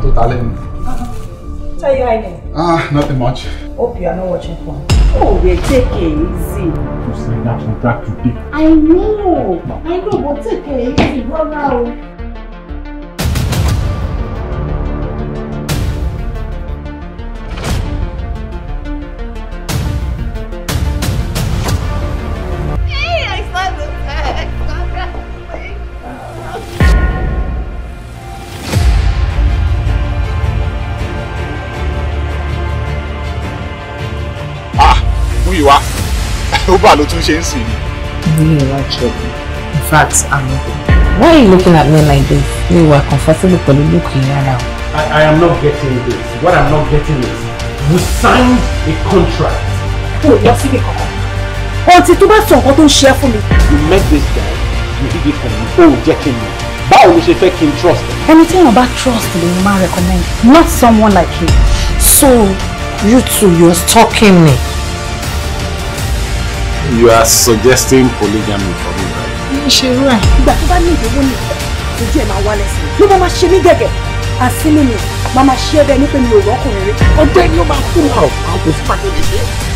I'm totally. What's are you hiding? Ah, nothing much. Hope you are not watching porn. Oh, we're taking it easy. Just like that from back to back. I know. I know, but take it easy, brother. tó bà ló tún ṣe ń sìn ni. mi ò wá jẹ ọ in fact i'm not why are you looking at me like this mi were comfortable pẹ̀lú lókè rárá o. I, I am not getting this what I'm not getting is you signed a contract. o lọ síbi kankan ọtí tó bá sọ nǹkan tó ń ṣe fún mi. you met this guy you did it for me o jẹ́ kí n mọ̀ báwo ló ṣe fẹ́ kí n trust ẹ. ẹni tí èèyàn bá trust lè máa recommend not someone like you so you two you're stalking me you are suggesting polygamy for me right. mi ṣe irú ẹ. ìgbà tó bá ní ìdíwọ́ ní ìfẹ́ ojú ẹ̀ máa wálẹ̀ sí i ló máa ṣe mí gẹ̀gẹ̀ àsínú mi máa máa ṣe é bẹ́ẹ̀ ní pé mi how how does that make sense.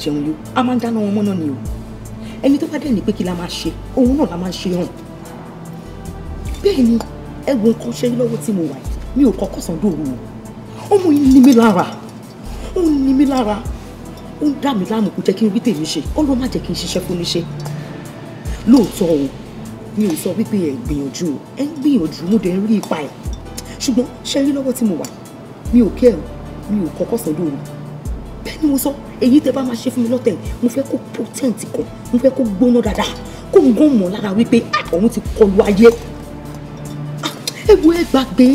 jẹun yó a máa ń dáná wọn mọ́nà ni o ẹni tó bá dẹ̀ ní pé kí la máa ṣe òun náà la máa ń ṣe hàn bẹ́ẹ̀ ni ẹ̀gbọ́n kan ṣe lọ́wọ́ tí mo wà yìí mi ò kọ́kọ́ sàn dòru o ọmọ yìí ní mi lára ó ní mi lára ó ń dà mí láàmú kó jẹ́ kí n rí tèmi ṣe ọlọ́ má jẹ́ kí n ṣiṣẹ́ fún níṣẹ́ lóòótọ́ o mi ò sọ wípé ẹ gbìyànjú ẹ ń gbìyànjú mo dẹ̀ ń rí ipa ẹ̀ ṣùgbọ́n ṣe lọ́wọ́ tí mo wà mi ò kẹ́ ẹ̀ mi ò kọ́kọ́ sàn dòru ni mo sọ èyí tẹ bá máa ṣe fún mi lọ́tẹ̀ mo fẹ́ kó potent kan mo fẹ́ kó gbóná dáadáa kó n gún mọ̀ lára wípé òun ti kọlu ayé ewu ẹ gbàgbé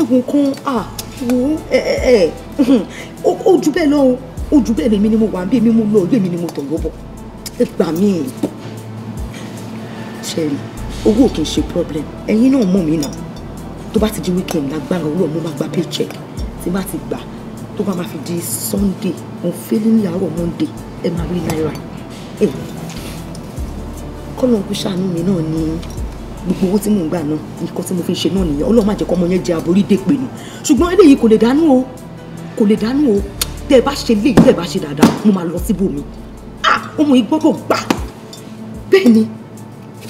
ewu kan ewu ẹ ẹ ojú bẹ́ẹ̀ lọ ojú bẹ́ẹ̀ mi ni mo wà bí mi mo lọ ojú mi ni mo tọ̀ lọ́bọ̀ ẹ gbà mí ṣẹ́rí owó kì í ṣe problem ẹ̀yin náà mọ̀ mí náà tó bá ti di weekend lágbára owó ẹ̀ máa gba paycheck tí bá ti gbà tó bá máa fi di sunday òun fẹ́lẹ́ ní àárọ̀ monday ẹ máa rí náírà ẹ wò kọ́nà kó ṣàánú mi náà ní gbogbo owó tí mò ń gbà náà nǹkan tí mo fi ń ṣe náà nìyẹn ọlọ́run má jẹ́ kọ́ ọmọ yẹn jẹ aborí dèpè ni ṣùgbọ́n eléyìí kò lè dánú o kò lè dánú o tẹ́ ẹ bá ṣe léyìí tẹ́ ẹ bá ṣe dáadáa mo máa lọ síbòmí ah ọmọ yìí gbọ́dọ̀ gbà bẹ́ẹ̀ ni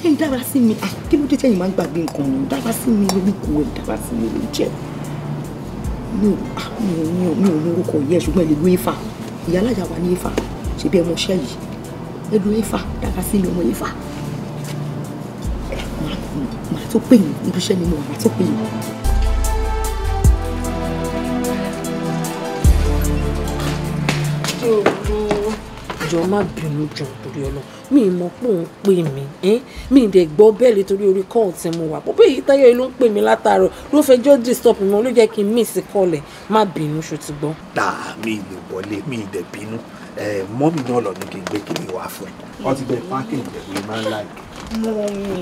ẹ ń dára sí mi ah! kí ló dé tẹ́yìn máa ń gbàgbé nǹkan ọ̀hún dára sí mi lórúkọ ẹ̀ dára sí mi lóúnjẹ́. Ah, mi ò mi ò mi ò lórúkọ yẹ ṣùgbọ́n ìlú ifá ìyá alájà wa ní ifá ṣebí ẹ mọṣẹ́ yìí ẹ lu ifá dára sí ilé ọmọ ifá màá tó pè yín ibi iṣẹ́ ni mo wà màá tó pè yín. jọ má bínú jọ torí ọlọ mi mọ pé òun pè mí mi dẹ̀ gbọ́ bẹ́ẹ̀ lé torí orí kọ́ọ̀ tí mo wà pọ̀ bẹ́ẹ̀ yìí táyọ̀ ń pè mí látàárọ̀ ló fẹjọ́ disturb mi ló jẹ́ kí n mí sí kọ́lẹ̀ má bínú ṣó ti gbọ́. tá a mi lè wọlé mi dẹ̀ bínú mọ́mì náà lọ ní kí n gbé kiri wá fún ẹ wọ́n ti bẹ pákíǹgì máa ń láì. mọ́mì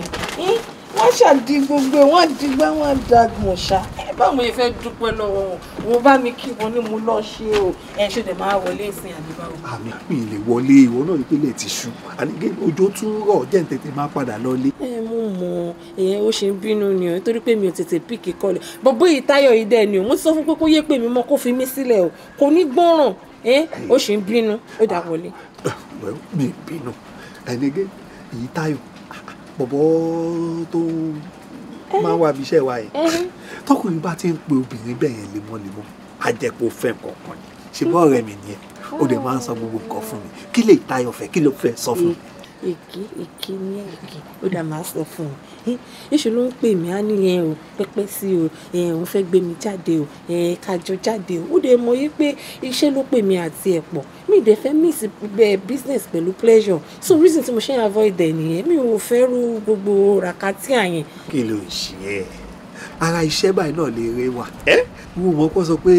wọ́n ṣàdí gbogbo ẹ̀ wọ́n digbá wọ́n dagbọ̀n ṣá ẹ báwo yẹn fẹ́ dúpẹ́ lọ́wọ́ wọn wo bá mi kí wọn ní mo lọ ṣe o ẹ ṣe dẹ̀ máa wọlé ìsìn àbí báwo. àmì mi lè wọlé ìwọ náà ní pínlẹ̀ ti ṣú àníkè ọjọ́ tún rọ̀ jẹ́ ń tètè máa padà lọlé. ẹ mú mọ èyàn ó ṣe ń bínú ni o nítorí pé mi ò tètè píkì kọlẹ̀ bọ̀bọ́ yìí táyọ̀ yìí dẹ̀ ni o mo sọ fún pé kó yé pè mí mọ́ kó fi mí sílẹ̀ o kò ní gbọ́ràn ẹ ó ṣe ń bínú ó dà wọlé. Ah, mi bínú táyọ̀ bọ̀bọ̀ tó máa ń wá ibi iṣẹ́ wa yìí eh. tọkùnrin bá ti ń pe obìnrin bẹ́ẹ̀ yẹn lemọ́lemọ́ á jẹ́ pé ó fẹ́ kankan ni ṣùgbọ́n ọ̀rẹ́ mi nìyẹn ó dẹ̀ máa ń sọ gbogbo nǹkan fún mi kí lè tayọ̀ fẹ́ kí ló fẹ́ sọ fún mi eh. Iki, iki ni èké ó dà máa sọ fún un níṣẹ ló ń pè mí á nìyẹn o pẹpẹ sí o òun fẹ́ gbé mi jáde o kájọ jáde o ó dẹ mọ yí pé iṣẹ́ ló pè mí àti ẹ pọ̀ mi ì dẹ fẹ́ mix eh, business pẹ̀lú pleasure so reason tí mo ṣe ń avoid ẹ nìyẹn mi ò fẹ́ ru gbogbo ràkàtì àyẹn. kí ló ń ṣe ẹ́ ara iṣẹ́ báyìí náà lè rẹwà. wọ́n mọ̀ pé sọ pé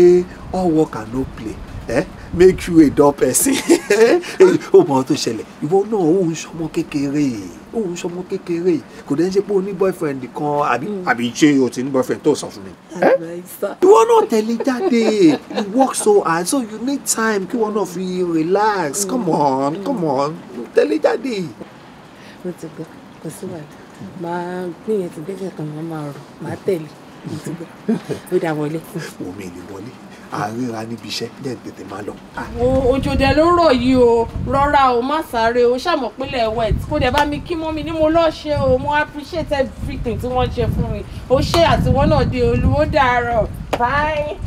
all work and no play Eh, make you a dull person ó eh, mọ ohun tó ṣẹlẹ̀ ìwọ náà ó ń ṣọmọ kékeré ó ń ṣọmọ kékeré kò dẹ́n ṣe pé o ní boyfriend kan àbí hmm. àbí ṣé o ti ní boyfriend tó sọ fún mi. Eh? ìwọ náà tẹ̀lé jáde you work so hard so you need time kí wọn náà fi relax hmm. come on come on tẹ̀lé jáde. mo ti gbọ́ kò sí wàhálà máa gbìyànjú gbẹ́sẹ̀ kan máa rò máa tẹ̀lé mo ti gbọ́ ó dà wọlé. omi ìlú wọlé àríra níbi iṣẹ́ dẹ̀ tètè máa lọ. òjò dẹ̀ ló rọ̀ yìí o rọra o má sáré o ṣàmọ̀ pínlẹ̀ west kó dẹ̀ bá mi kí mọ́ mi ní mo lọ́ọ́ ṣe o mo appreciate everything tí wọ́n ṣe fún mi o ṣé àtiwọ́n náà dé olú bye.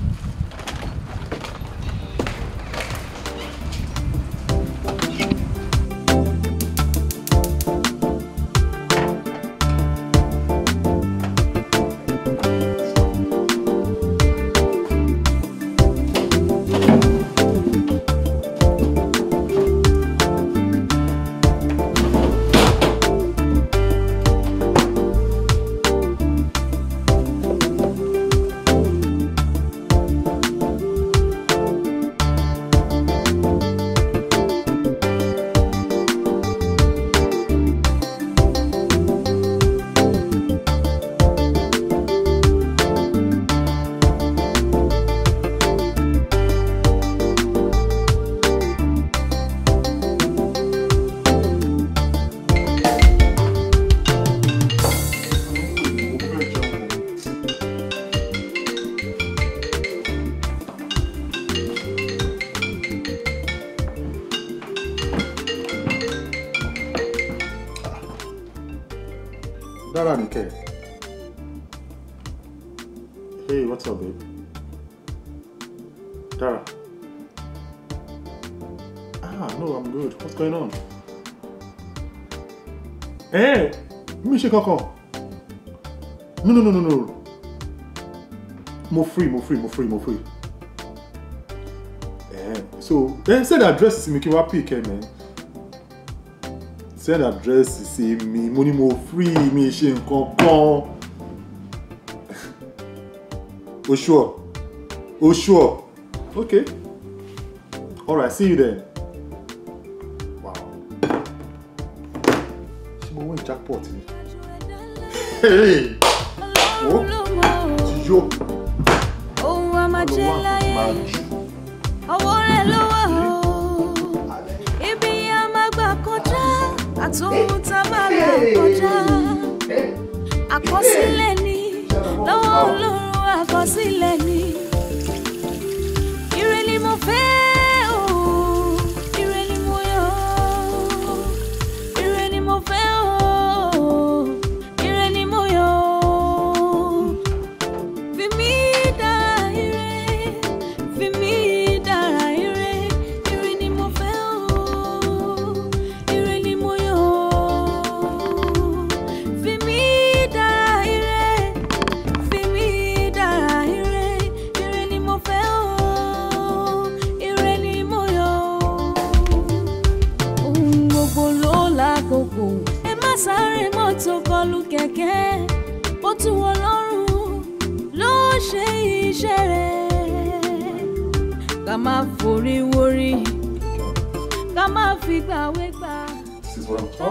kankan no no no no no mo free mo free mo free mo free eh so eh send address sí mi kí wá pick ẹ mẹ send address sí mi mo ní mo free mi ṣe nǹkan kan o sure o sure okay alright see you then. Wow. jackpot ni ó ti yó. ohun amajẹ láyé ọwọ́ rẹ̀ ló wà ó ibi a máa gbà kọjá àtòhun tá a máa gbà kọjá àkọsílẹ̀ ni lọ́wọ́ Ọlọ́run àkọsílẹ̀ ni ire ni mo fẹ́. má forí wórí ká má fi gbàwé gbà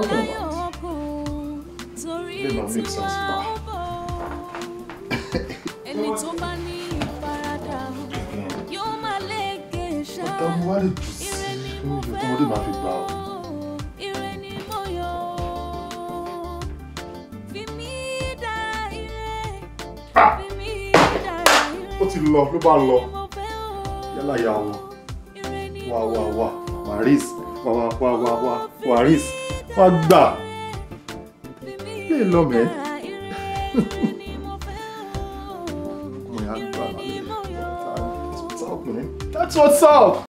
láyọ̀ ọkọ torí tiwa ọbọ̀ ẹni tó bá ní ìfaradà yóò má lè gé ṣá ire ni mo fẹ́ o ire ni mo yọ fi mí dára ire ah! fi mí dára ire. ó ti lọ ló bá lọ yálà ya wọn wà wà wà waris wà wà wà wà wà waris wà gbà lè lọ mẹ́. That's what's up.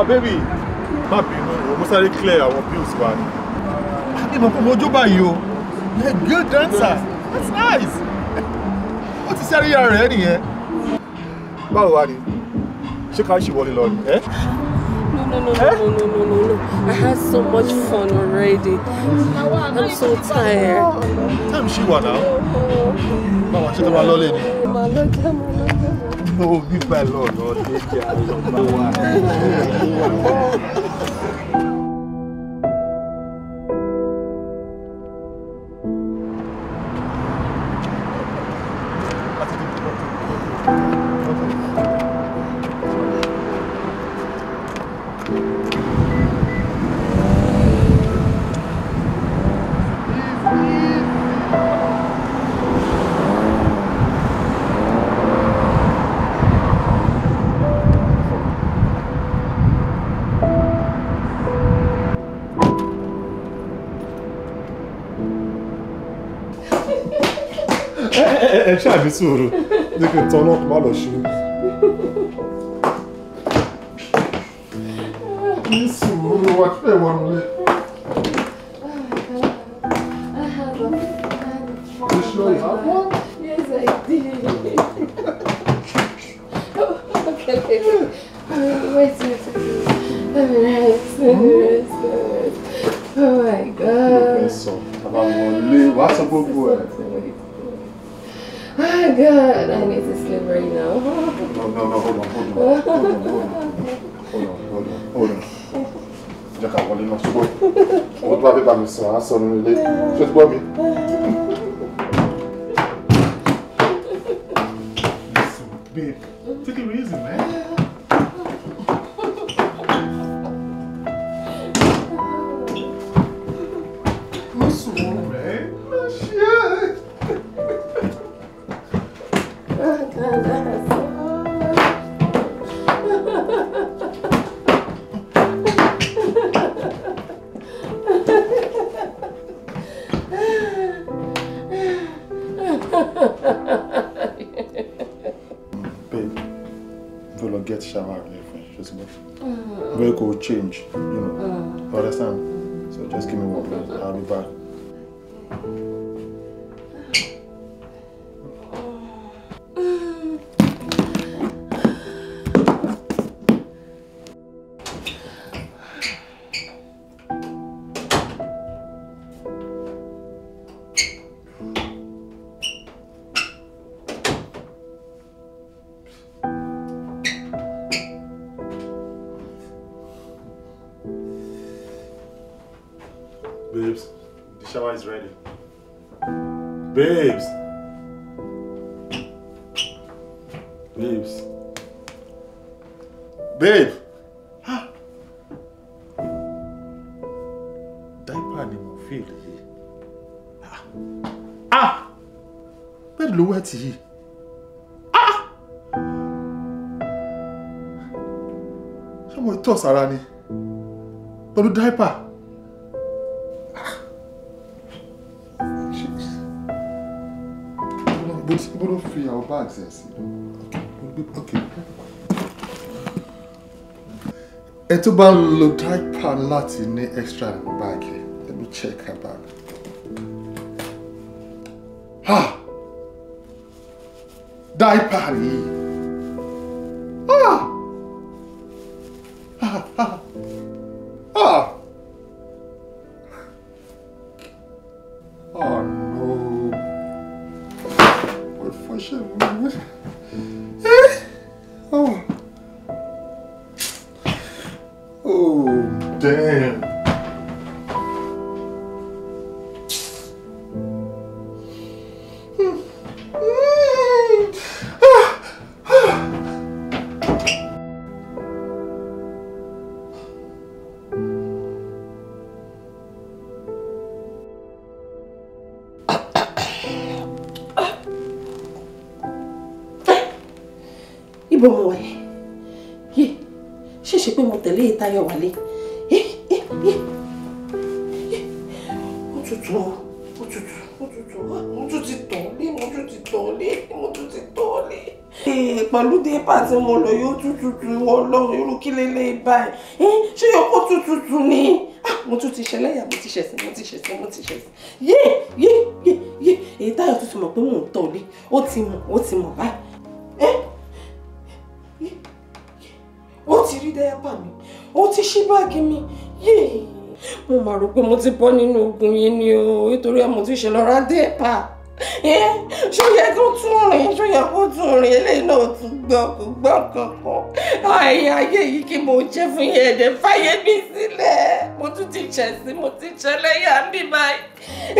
Ah, baby má bínú o mo sáré clear àwọn bills wa ni. àbí ah, mo mojú báyìí o you are a good dancer that's nice ó ti sáré yàrá rẹ nìyẹn. báwo wá ni ṣé ká ṣì wọlé lọ ni. Eh? No, no, no, eh? no, no, no, no, no. I had so much fun already. I'm so tired. Time she was now. Mama, she's my lolly. My lolly, my lolly no be by law, no, they are. ṣáàbí sòrò ní kí n tán náà má lọ ṣubú. ní sùúrù wá fẹ́ wọnú lẹ́yìn. je quoi mieux. Babes. Babes. Babe. Ah. Diaper ni mo feel yìí. Ah! ah. Bẹ́ẹ̀ ló wẹ̀ tì yìí. Ah! Ṣé mo tọ̀ sára ni? tó bá ń lo diaper láti ní extra nínú báàgì let me check her bag. Ah! diaper yìí. tutù ó tutù ó tutù mo tún ti tàn lé mo tún ti mo tún ti tàn lé. pẹ̀lú dépà tí mo lọ yóò tún tutù ọlọ́run irú kí lélẹ́ báyìí ṣé yóò kó tún tutù ni mo tún ti ṣẹlẹ́yà mo ti ṣẹ̀sìn mo ti ṣẹ̀sìn mo ti ṣẹ̀sìn yé yé yé yé èyí táyọ̀ tún ti mọ̀ pé mò mo mà rò pé mo ti bọ́ nínú ogun yìí ni o nítorí ẹ̀ mo ti ṣe lọ́ra dé pa ṣó yẹ kó tún rìn ṣó yẹ kó tún rìn eléyìí náà tún gbọ́ kó gbọ́ kankan àyè ayé yìí kí mo jẹ́ fún yẹn ẹ̀dẹ̀ fáyé mi sílẹ̀ mo tún ti jẹ̀ sí mo ti jẹ́ lẹ́yà mi báyìí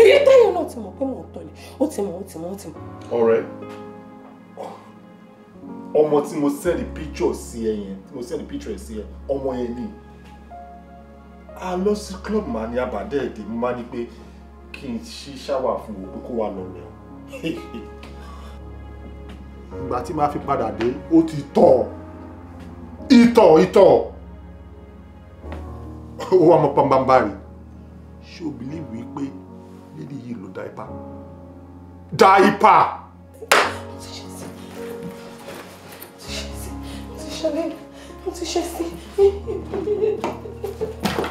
èyí táyà náà ti mọ̀ pé mo tọ̀ ni ó ti mọ̀ ó ti mọ̀ ó ti mọ̀. ọ̀rẹ́ ọmọ tí mo send picture sí ẹ yẹn tí mo send picture sí ẹ ọmọ yẹn ni a lọ sí club mà ní àbàdẹ èdè mo máa ní pé kí n ṣí ṣáwà fún òpó kó wà lọlẹ o. ìgbà tí màá fi padà dé ó ti tọ̀ ìtọ̀ ìtọ̀ ó wà mọ pàmbàmbà rè ṣé o bìlíìfù wípé lílì yìí ló dáìpà dáìpà. mo ti ṣe sí mo ti ṣe sí mo ti ṣe sí.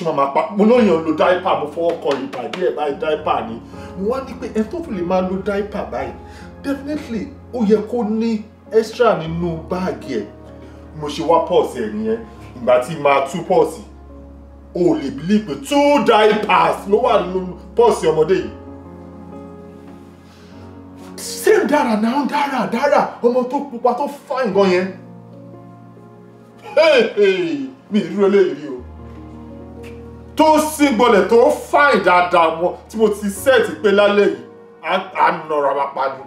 tí màmá pa mo náà yàn lo dáìpà mo fọwọ́ kọ ìbàdí ẹ̀ báyìí dáìpà ni mo wá ní pé ẹ tó fi lè máa lo dáìpà báyìí definitely ó yẹ kó ní extra nínú báàgì ẹ̀ mo ṣe wá pọ́ọ̀sì ẹ̀ nìyẹn ìgbà tí màá tú pọ́ọ̀sì o lè believe pé two diapers ló wà nínú pọ́ọ̀sì ọmọdé yìí same dára náà dára dára ọmọ tó pupa tó fine gan yẹn mi ìrú eléyìí rí o tó síngbọlẹ̀ tó fáì dáadáa wọn tí mo ti sẹ́ẹ̀tì pé lálẹ́ yìí á nọra máa pa ni.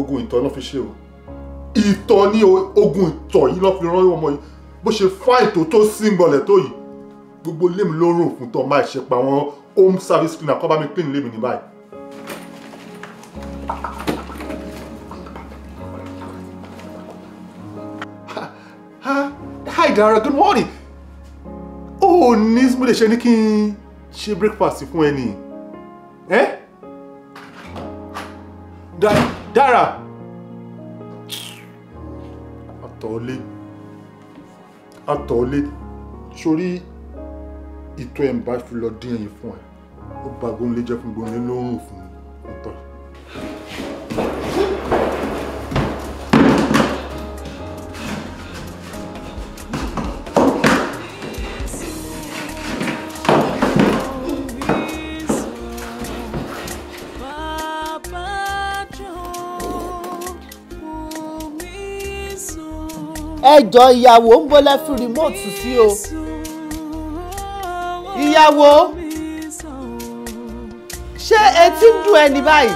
ogun ìtọ̀ náà fi ṣe o ìtọ̀ ní ogun ìtọ̀ yìí lọ́ fi rán ọmọ yìí bó ṣe fáì tó tó síngbọlẹ̀ tó yìí gbogbo ilé mi ló rò fún tọ́ máa ṣe pa wọn home service cleaner kọ́ bá mi clean ilé mi ní báyìí. Dara good morning Oh, ní mo lè ṣe ní kí n ṣe breakfast fún ẹ nìyí ẹ Dara àtọ̀ọ́lé àtọ̀ọ́lé sórí ìtọ́ ẹ̀ ń bá fi lọ dín ẹyin fún ẹ ó ba gbóńlé jẹ́ fún gbóńlé lóòrùn fún ọ̀tọ̀. ẹjọ ìyàwó ń bọ́lẹ̀ fi rìmọ́ọ̀tì sí o ìyàwó ṣé etí ń dùn ẹni báyìí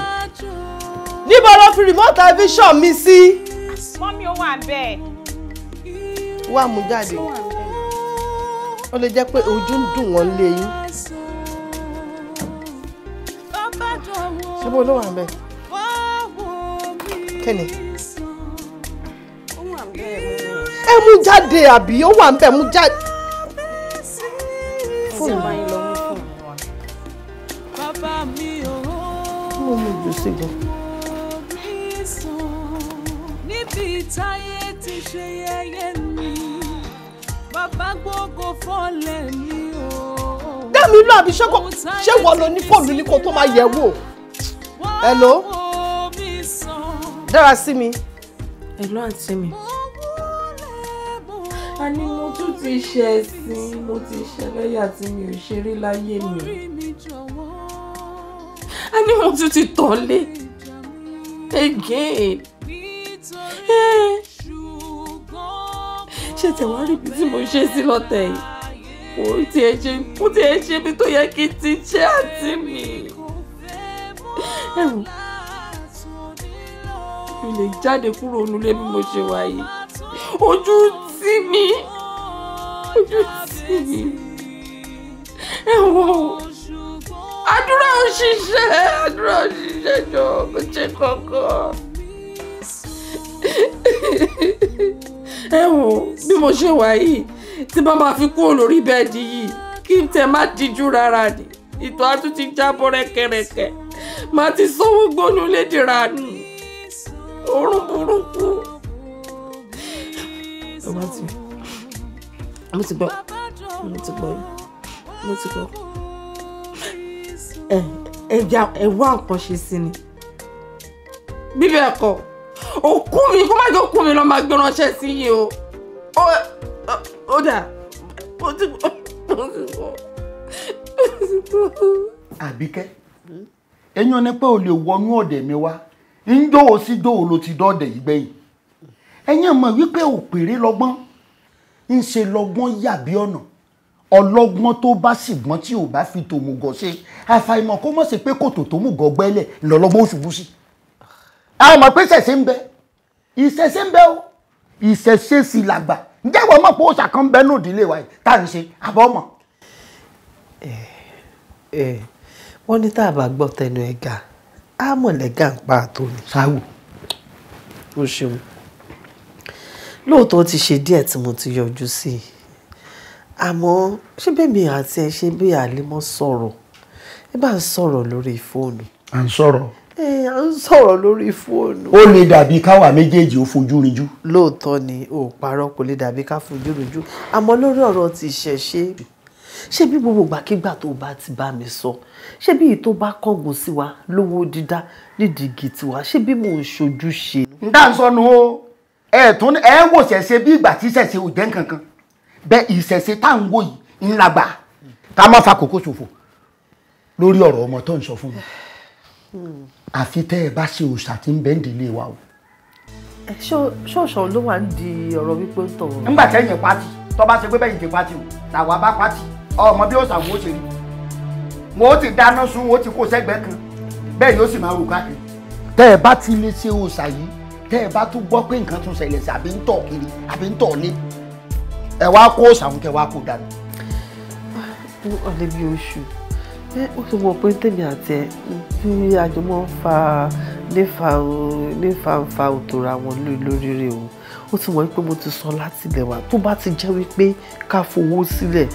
níbo ló fi remote television mi sí. mọ́mí ó wà bẹ́ẹ̀. wá mú jáde ó lè jẹ́ pé ojú ń dùn wọ́n lé yín. ṣé bó ló wà bẹ́ẹ̀ kí ni ẹ mú jáde àbí ó wà ń bẹ̀ mú jáde. fóònù máa ń lọ mú fóònù wa. mo mú gbèsè gan. níbi táyé ti ṣe yẹ̀yẹ́ mi bàbá gbogbo fọ́lẹ̀ mi ò. dámi lọ àbí ṣé wọ́n lọ ní fóònù ní kó tó máa yẹ̀ wò. hello dára sí mi. hello àǹtí mi a ní mo tún ti ṣe ẹ̀sìn mo ti ṣẹlẹ́yà tí mi ò ṣe rí láyé mi a ní mo tún ti tọ̀lé again eh. ṣe tẹ̀wá rí ibi tí mo ṣe sí lọ́tẹ̀ yìí kò tiẹ̀ ṣe kò tiẹ̀ ṣe ibi tó yẹ kí n ti ṣe àti mi ẹ̀wọ̀n mi lè jáde kúrò nílé bí mo ṣe wà ojú tì mí ojú tì mí ẹ̀wọ̀n àdúrà òṣìṣẹ́ àdúrà òṣìṣẹ́ jọ kò ṣe kankan ẹ̀wọ̀n bí mo ṣe wà yìí tí bá máa fi kúrò lórí bẹ́ẹ̀dì yìí kí n tẹ má díjú rárá ni ìtọ́ àtún ti jábọ́ rẹ́kẹrẹkẹ má ti sọ́wọ́ gbónú lédìrà nù òórùn burúkú tó bá ti mo ti gbọ́ mo ti gbọ́ mo ti gbọ́ ẹ ẹ já ẹ wá nǹkan ṣe sí ni bíbẹ̀ ẹ̀kọ́ òkú mi kó má jẹ́ òkú mi lọ máa gbé ránṣẹ́ sí yìí o ó ó dà mo ti gbọ́ mo ti gbọ́ mo ti gbọ́. àbíkẹ́ ẹ̀yin ọ̀nẹ́pẹ́ ò lè wọnú ọ̀dẹ̀ mi wá ń jó sí jó o ti dọ́ọ̀dẹ̀ yìí gbẹ̀yìn ẹ̀yin mọ̀ wípé òpèrè lọ́gbọ́n ń ṣe lọ́gbọ́n yàbí ọ̀nà ọlọ́gbọ́n tó bá ṣìgbọ́n tí ò bá fi tòmùgọ̀ ṣe àfàìmọ̀ kó mọ̀ sí pé kòtò tó mùgọ̀ gbẹ́lẹ̀ lọ́lọ́gbọ́n òṣùbù sí. àwọn ọmọ pé ṣẹ̀ṣẹ̀ ń bẹ ìṣẹ̀ṣẹ̀ ń bẹ o ìṣẹ̀ṣẹ̀ sì làgbà ǹjẹ́ wọ́n mọ̀ pé òòṣà kan ń bẹ náà ìdílé wa yìí tá à ń ṣe àbọ̀ ọmọ. wọ́n ní tá a bá gbọ́ tẹnu ẹ̀gà á mọ̀lẹ́gà ń pa àtò sáwù o ṣeun lóòótọ́ ti ṣe díẹ̀ tí mo ti yọjú sí i àmọ́ ṣé bẹ́ẹ̀mi àti ẹ ṣe bí àlímọ́ sọ̀rọ̀ ẹ bá ń sọ̀rọ̀ lórí fóònù. à ń sọ̀rọ̀. ẹ à ń sọ̀rọ̀ lórí fóònù. ó lè dàbí káwa méjèèjì ó fojú rinjú. lóòótọ́ ni ò parọ́ kò lè dàbí ká fojú rinjú àmọ́ lórí ọ̀rọ̀ ti ìṣẹ̀ṣe ṣé bí gbogbo ìgbàkigbà tó bá ti bá mi sọ ṣé bí èyí tó bá kángun sí wa lówó dídá nídìí gìtì wa ṣé bí mò ń ṣojú ń dá sọnù o ẹ tún ẹ wò ṣẹ̀ṣẹ̀ bí ìgbà tí ṣẹ̀ṣẹ̀ ò jẹ́ kankan bẹ́ẹ̀ ìṣẹ̀ṣẹ̀ tá à ń wò yìí ńlá gbà ká má fa kókó ṣòfò lórí ọ̀rọ̀ ọmọ tó ń sọ fún mi àfi tẹ́ ẹ bá ṣe òòṣà tí ń bẹ́ẹ̀ délé wa o. ṣóòṣàn ló wà ń di ọ̀rọ̀ wípé ń tọ̀. nígbà tẹ́yìn pátì tó bá ṣe pé bẹ́yìn ti pátì o làwọn abá pátì ọmọ bí òòṣà wo ṣe rí wọn ti dáná sun wọn ti kó sẹ́gbẹ̀ẹ́ kan bẹ́ẹ̀ yóò sì máa rù káàkiri. tẹ́ ẹ bá ti lè ṣe òòṣà yìí tẹ́ ẹ bá tún gbọ́ pé nǹkan tún ṣẹlẹ̀ sí àbí ń tọ̀ kiri àbí ń tọ̀ lé ẹ wá kó sàwọn kẹ wá kó dànù. fún ọ̀lẹ́ bíi oṣù ó ti mọ̀ pé tèmi àti ẹ̀ bí àjọmọ́ fa nífàǹfà òtòrò àwọn lórí rẹ̀ o ó ti mọ̀ pé mo ti sọ láti lẹ̀ wá tó bá ti jẹ́ wípé ká fowó sílẹ̀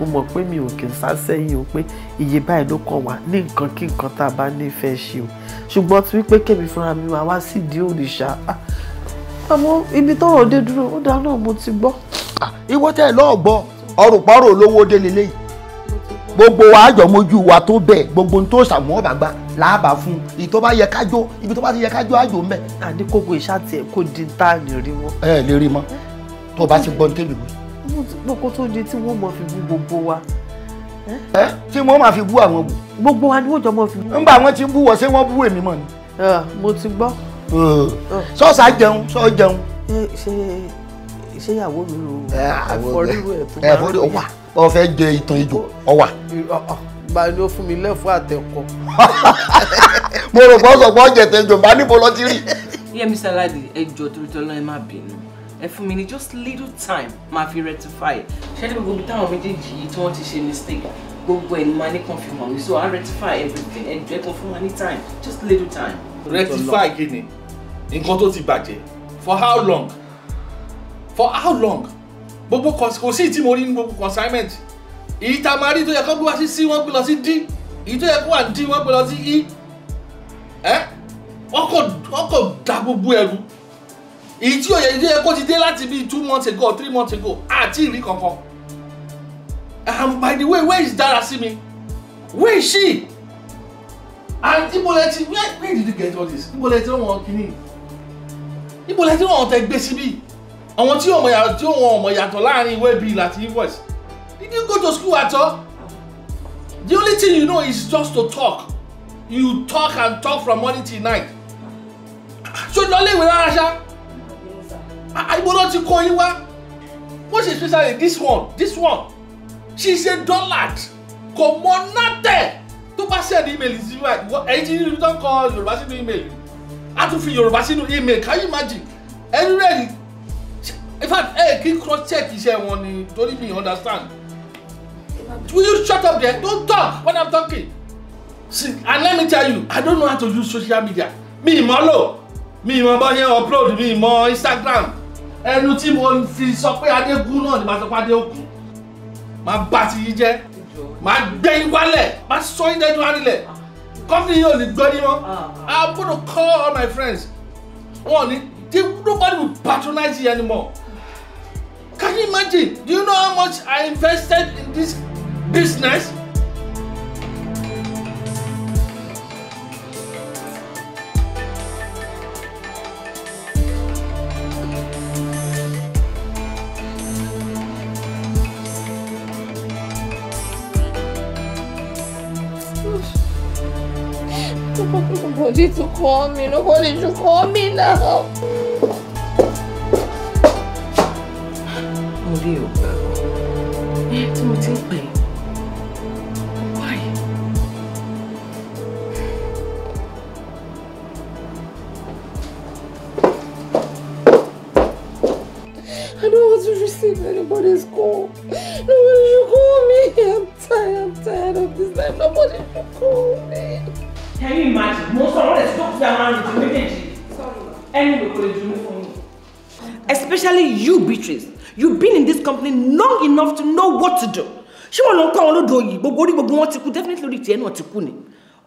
mo mọ̀ pé mi ò kì í sá o pé iye báyìí ló kàn wá ní nǹkan kí nǹkan tá a bá nífẹ̀ẹ́ ṣe o ṣùgbọ́n tí wípé kẹ́mi fúnra mi máa wá sídìí òrìṣà àmọ́ ibi tọrọ dé dúró ó dáa náà mo ti gbọ́. ìwọ tẹ lọọ gbọ́ ọrùn pọrọ olówó dé lélẹyìí gbogbo wa àjọmọjú wa tó bẹ́ẹ̀ gbogbo tó ṣàmúhàn bàgbà làbà fún ibi tó bá yẹ kájọ ibi tó bá ti yẹ kájọ àjò ń bẹ. àní kókó ìṣàtì ẹ kó di tá a lè rí wọn. ẹ lè rí mọ tó o bá ti gbọ́ ní tèmi wí gbogbo tó di tí wọ́n mọ̀ fi bú gbogbo wa. ẹ tí wọ́n máa fi bú àwọn bù. gbogbo wa ni wọ́n jọ mọ̀ fi bú. nígbà wọn ti bú wọ ṣé wọ́n bú èmi mọ̀ ni. mo ti gbọ́. sọ́ọ̀sà jẹun sọ́ọ̀ jẹun. ṣe ṣe ìyàwó mi o ẹ̀fọ́rírú ẹ̀ tó máa ń rí. ọwà ọ fẹ́ jẹ ìtàn ejò ọwà. gbani ó fún mi lẹ́fọ́ àtẹ̀kọ́. mo rò pé ọ̀sọ̀ pé ọ̀jẹ̀ tẹ̀jọ̀ bá níbo lọ ti rí. yẹ́mi sáládì ẹjọ́ torítọ́lá ẹ má bínú ẹ fún mi ní just little time máa fi rectify it. ní gbogbo táwọn méjèèjì yìí tí wọ́n ti ṣe mistake gbogbo ẹ̀ ni máa ní kàn fi mọ̀ mi so I rectify everything ẹ̀ jẹ́ kan fún wa ní time just little time. rectify gini nǹkan tó ti bàjẹ́ for how long for how long gbogbo kò sí tí mo rí ní gbogbo consignment èyí tá a máa rí tó yẹ kó gbé wá sí c wọ́n gbé lọ sí d èyí tó yẹ kó wà ní d wọ́n gbé lọ sí e ẹ́ wọ́n kò dá gbogbo ẹrù èyí tí òye ìdíyẹ kó ti dé láti bíi two months ago three months ago àti ìrí kankan and by the way where is Darasimi where is she and ibolẹti where where did you get all this ibolẹti wọn wọn kìíní ibolẹti wọn tẹ gbé síbí àwọn tí wọn ọmọ yàtọ̀ láàrin ìwé bill àti invoice did you go to school at all the only thing you know is just to talk you talk and talk from morning till night ṣojú ọlẹ́wẹ̀ rárá ṣá àìgbọ́dọ̀ ti kọ́ yín wá wọ́n ṣe especially this one this one she ṣe dollard kò mọ nátẹ̀ tó bá send email sí wa ẹ̀yin tí yín tó ń kọ yorùbá sínú email a tún fi yorùbá sínú email can you imagine anywhere you in fact ẹ kí cross check iṣẹ́ wọn ni torí mi understand will you shut up there don't talk when i'm talking see and let me tell you i don't know how to use social media mi ìmọ̀ lò mi ìmọ̀ bọ́ yẹn upload mi ìmọ̀ instagram ẹnu tí mo fi sọ pé adégún náà ni màá sọ pé adégún màá bá ti yí jẹ́ màá gbé yín wálẹ̀ màá sọ yín dẹ́jú wálẹ̀ kọ́fí yóò lè gbọ́ ní mọ́ I'm ah. gonna call all my friends wọn ni nobody will patronize you anymore can you imagine do you know how much I invested in this business. nobody to call me. Nobody should call me now. Orí o. Ẹ don't want to receive anybody's call. Nobody should call me. I'm tired, I'm tired of this life. Nobody should call me. Can you imagine? Mo sọ̀rọ̀ lẹ̀ sí dókítà máa ń rìn ju méjèèjì. Ẹni ló kò lè dùnú fún mi. Especially you Beatrice, you've been in this company long enough to know what to do. Ṣé wọ́n lọ ń kọ́ àwọn olódò yìí? Gbogbo orí gbogbo wọn ti kú, definitely orí tiẹ̀ náà ti kú ni.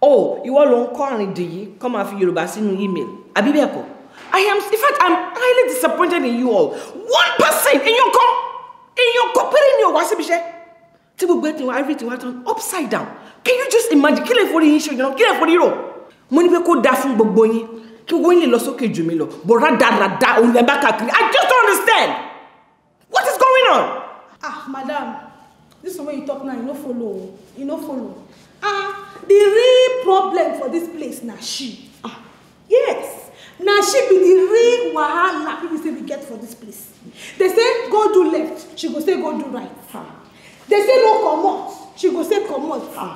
O oh, ìwọ ló ń kọ́ àrìndì yìí kọ́ máa fi Yorùbá sínú email. Àbí bẹ́ẹ̀ kọ́? I am in fact I'm highly disappointed in you all. One person èèyàn kan èèyàn kan péré ni ò wá síbi iṣẹ́. Tí gbogbo ẹ̀ everything wá tán upside down can you just imagine kí lè forí yín ṣe ìjọba kí lè forí rò mo ní pé kó dáa fún gbogbo yín kí gbogbo yín lè lọ sókè jù mí lọ bọ̀ rádaràda òun lè bá káàkiri I just don't understand what is going on. ah madam this one wey you talk now you no follow o you no follow ah the real problem for this place na she ah yes na she be the real wahala people say we get for this place they say go do left she go say go do right ah. they say no comot she go say comot ah.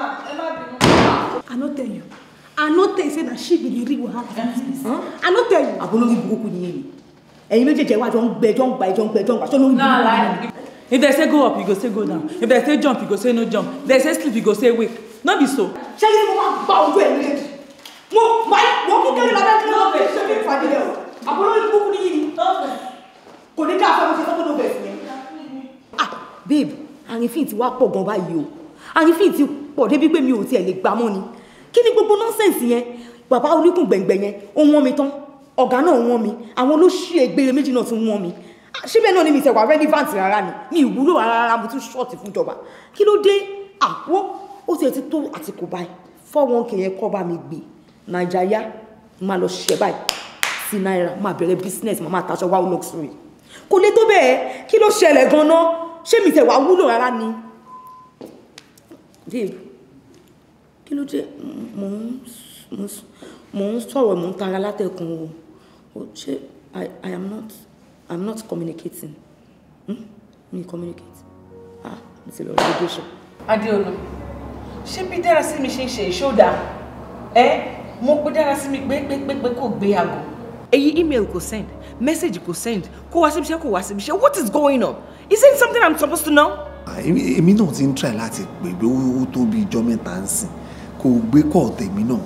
i not tell you i not tell you say na she be the real wahala for this i no tell you. àbólórí burúkú ni yéèyàn ẹ̀yin méjèèjì wa jọ ń gbẹ jọ ń gbà jọ ń gbẹ jọ ń gbà sọlórí burúkú. if they say go up you go say go down if they say jump you go say no jump if they say sleep you go say wake Not be so. ṣé kí mo máa gba ojú ẹ̀ méjèèjì mo máa wọ́n kú kẹ́lẹ́ bàbá mi lọ́wọ́ bẹ̀ ṣé mi fàdí rẹ̀ o àbólórí burúkú ni yéèyàn kò ní ká àfọwọ́ ṣe sọ́kọ́ ló bẹ̀ sí ah babe àrífín ti wá pọ̀ gan báyìí o àrífín ti pọ̀ débi pé mi ò tiẹ̀ lè gbámọ́ ni kí ni gbogbo nọ́nsẹ̀nsì yẹn bàbá oníkùn gbẹ̀ngbẹ̀ yẹn ó wọ́n mi tán ọ̀gá náà wọ́n mi àwọn olóṣì ẹgbẹ́rẹ́ méjì náà tún wọ́n mi síbẹ̀ náà ni mi tẹ̀wá relevant rárá ni mi ìwúlò rárá mo tún ṣọ́ọ̀tì fún ìjọba kí ló dé àpò ó ti ti tó àtìkù báyìí four one k yẹn kọ́ bá mi gbé naija yá máa lọ ṣiṣẹ́ báyìí sí náírà máa bẹ̀rẹ̀ business máa máa taṣọ wow luxury kò lè tó bẹ́ẹ̀ kí ló ṣẹlẹ̀ gan-an ṣé mi tẹ̀wá wúlò rárá ni kí ló dé mò ń sọ̀rọ̀ mò ń tara látẹ̀kùn o ṣé i am not i am not communicating hmm? mi communicate ah mi ti lọ rí gbèsè. adéolú ṣé bí dára sí mi ṣe ń ṣe ìṣódà ẹ mo pé dára sí mi pé pé pé pé kò gbé aago. èyí email kò send message kò send kò wá síbi iṣẹ́ kò wá síbi iṣẹ́ what is going on is it something i'm supposed to know. Ah, èmi náà ti ń try láti pè pé ó tó bí ijọ́ mẹ́ta ń sìn kò gbé kọ̀ tèmi náà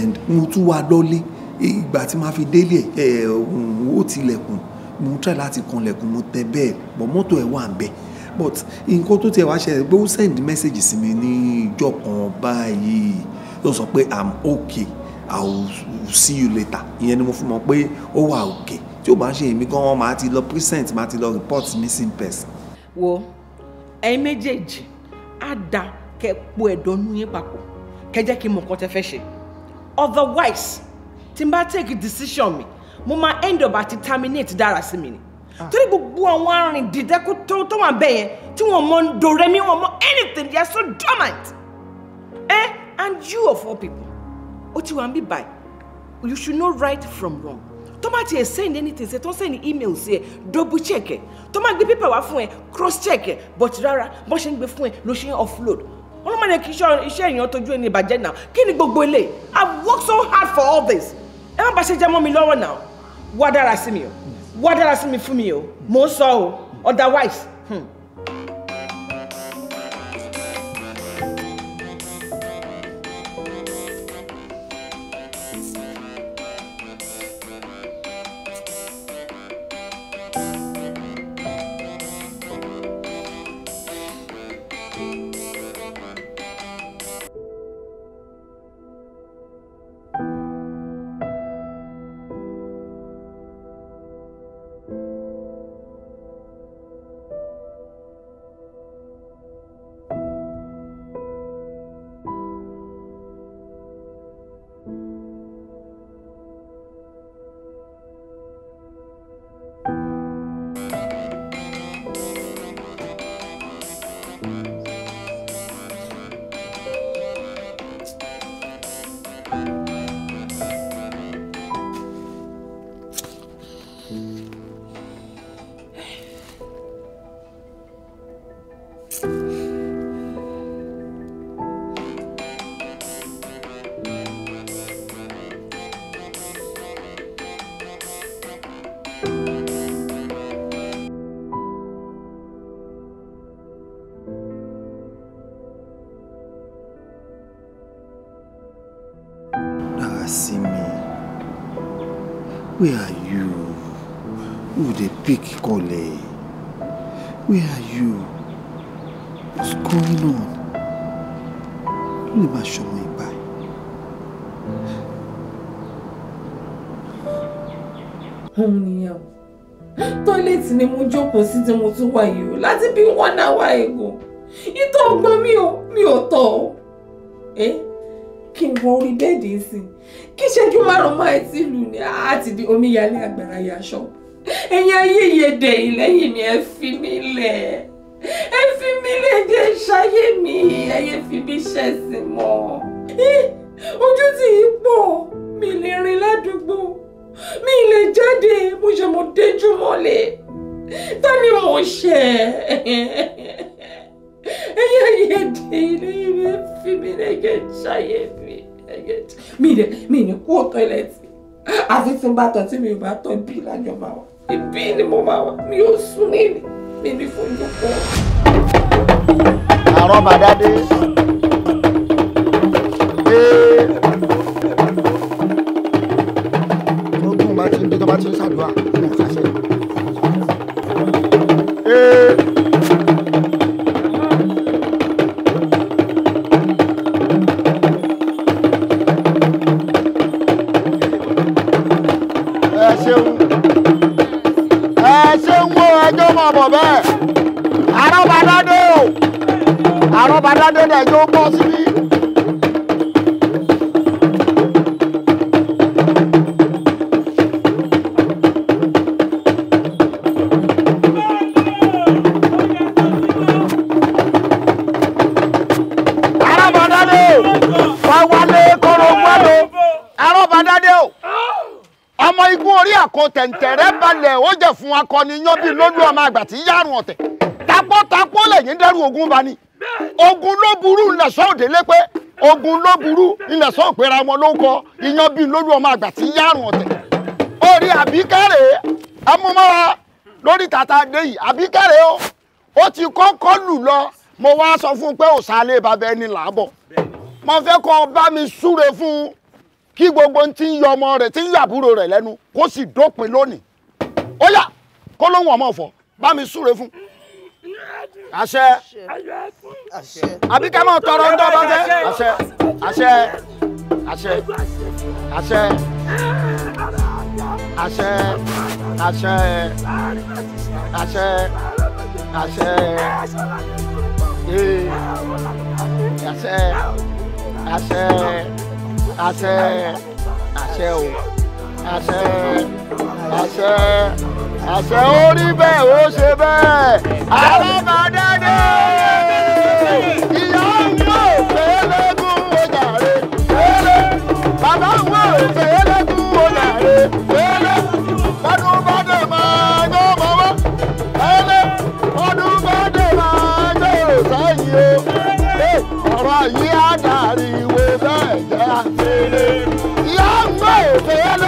and mo tún wá lọ́lé ìgbà tí màá fi délé ẹ̀ ó tilẹ̀kùn mo try láti kanlẹ̀kùn mo tẹ bẹ́ẹ̀ bọ̀ mọ́tò ẹ̀ wà ń but nǹkan tó tiẹ̀ wá ṣẹlẹ̀ pé ó send message sí mi ní ìjọ kan báyìí ló sọ pé i'm okay i will see you later ìyẹn ni mo fún mọ pé ó wà okay tí ó bá ń ṣe èmi gan wọn máa ti lọ present máa ti lọ report missing person. wo ẹ̀yin méjèèjì á da kẹ́ po ẹ̀dọ́nú yín papọ̀ kẹ́ jẹ́ kí n mọ̀ nǹkan tẹ́ ṣe otherwise tí n bá take decision mi mo máa end up àti terminate dára sí mi ni ah. torí gbogbo àwọn arìn dídẹ́kù tó tó wà bẹ́ẹ̀ yẹn tí wọ́n mọ dòrẹ́mí wọ́n mọ anything they are so dormant eh and you of all people o ti wà ń bí báyìí you should know right from wrong tó má send anything ṣe tó send email sí ẹ double check ẹ tó má gbé paper wá fún ẹ cross check ẹ but rara, bó ṣe ń gbé fún ẹ ló ṣe ń offload ọlọ́mọdé kì í ṣe iṣẹ́ èèyàn tójú ẹni ìbàjẹ́ náà kí ni gbogbo ilé i work so hard for all this ẹ má bà ṣe jẹ́ mọ́ mi lọ́wọ́ náà wá dára sí mi o wá dára sí mi fún mi o mò ń sọ o otherwise. Hmm. Asimi, where are you? Who the pig? Kole? Where are you? What's going on? Ló lè máa ṣọmọ ìgbà. Òun nìyẹn o. Tọ́lẹ̀tì ni mo jókòó sí tí mo tún wà yìí o láti bí one hour ago. Ìtọ́ ọgbọ́n mi ò mi ò tọ̀ o. Ẹ́ kí n wọ orí bẹ́ẹ̀dì kí ṣẹ́jú márùn-ún máa ti lù ní àti di omíyalé àgbàrá yaṣọ ẹ̀yin ayé ìyẹ̀dẹ̀ ìlẹ́yìn ni ẹ fi mí lẹ̀ ẹ fi mí lẹ̀ jẹ́ ṣayé mi ẹ̀yẹ fi mí ṣẹ̀sìn mọ́ ojú ti pọ̀ mi lè rìn ládùúgbò mi lè jáde mo ṣe mo déjú mọ́lẹ̀ ta ni mo ṣe ẹ̀yin ayé ìyẹ̀dẹ̀ ìlẹ́yìn ni ẹ fi mí lẹ̀ jẹ́ ṣayé mi mi ní mi ní kú tọ́ìlẹ̀tì àfi tí n bá tọ̀ tí mi ò bá tọ̀ ibi ìlàjọ máa wà ibi ni mo máa wà mi ò sún ní mi ní fojú kọ́. àrọ́ bàdá dé. arọ́ bá dádé o ọmọ igun orí àkó tẹ̀ǹtẹ̀rẹ́ balẹ̀ ó jẹ́ fún akọni yan bíi lólu ọmọ àgbà tí yárùn ọ̀tẹ̀ tapọ́tapọ́ lẹ́yìn dẹ́rù ogun bá ní ogun ló burú lẹ̀sọ́ òde lépé ogun ló burú lẹ̀sọ́ òpera wọn ló kọ iyan bíi lólu ọmọ àgbà tí yárùn ọ̀tẹ̀ orí àbíkẹ́rẹ́ amúmọ́ra lórí tata dé yìí àbíkẹ́rẹ́ o ó ti kọ́kọ́ lù lọ mo wá sọ fún un pé òsàlẹ̀ bàbá ẹni làábọ̀ mo fẹ́ kọ́ bá mi súre fún un kí gbogbo ti ń yọ ọmọ rẹ̀ ti ń yọ àbúrò rẹ̀ lẹ́nu kó sì dópin lónìí ó yá kó lóhùn ọmọ ọ̀fọ̀ bá mi súre fún àṣẹ àbí ká tọrọ ń dọ́gba jẹ́ àṣẹ àṣẹ àṣẹ àṣẹ àṣẹ àṣẹ àṣẹ àṣẹ àṣẹ àṣẹ àṣẹ àṣẹ o àṣẹ àṣẹ àṣẹ ó rí bẹ́ẹ̀ ó ṣe bẹ́ẹ̀ alábàádádé ìyá ń wò fẹ́lẹ́gùn ó jàre fẹ́lẹ́ bàbá ń wò fẹ́lẹ́. ¡Pero!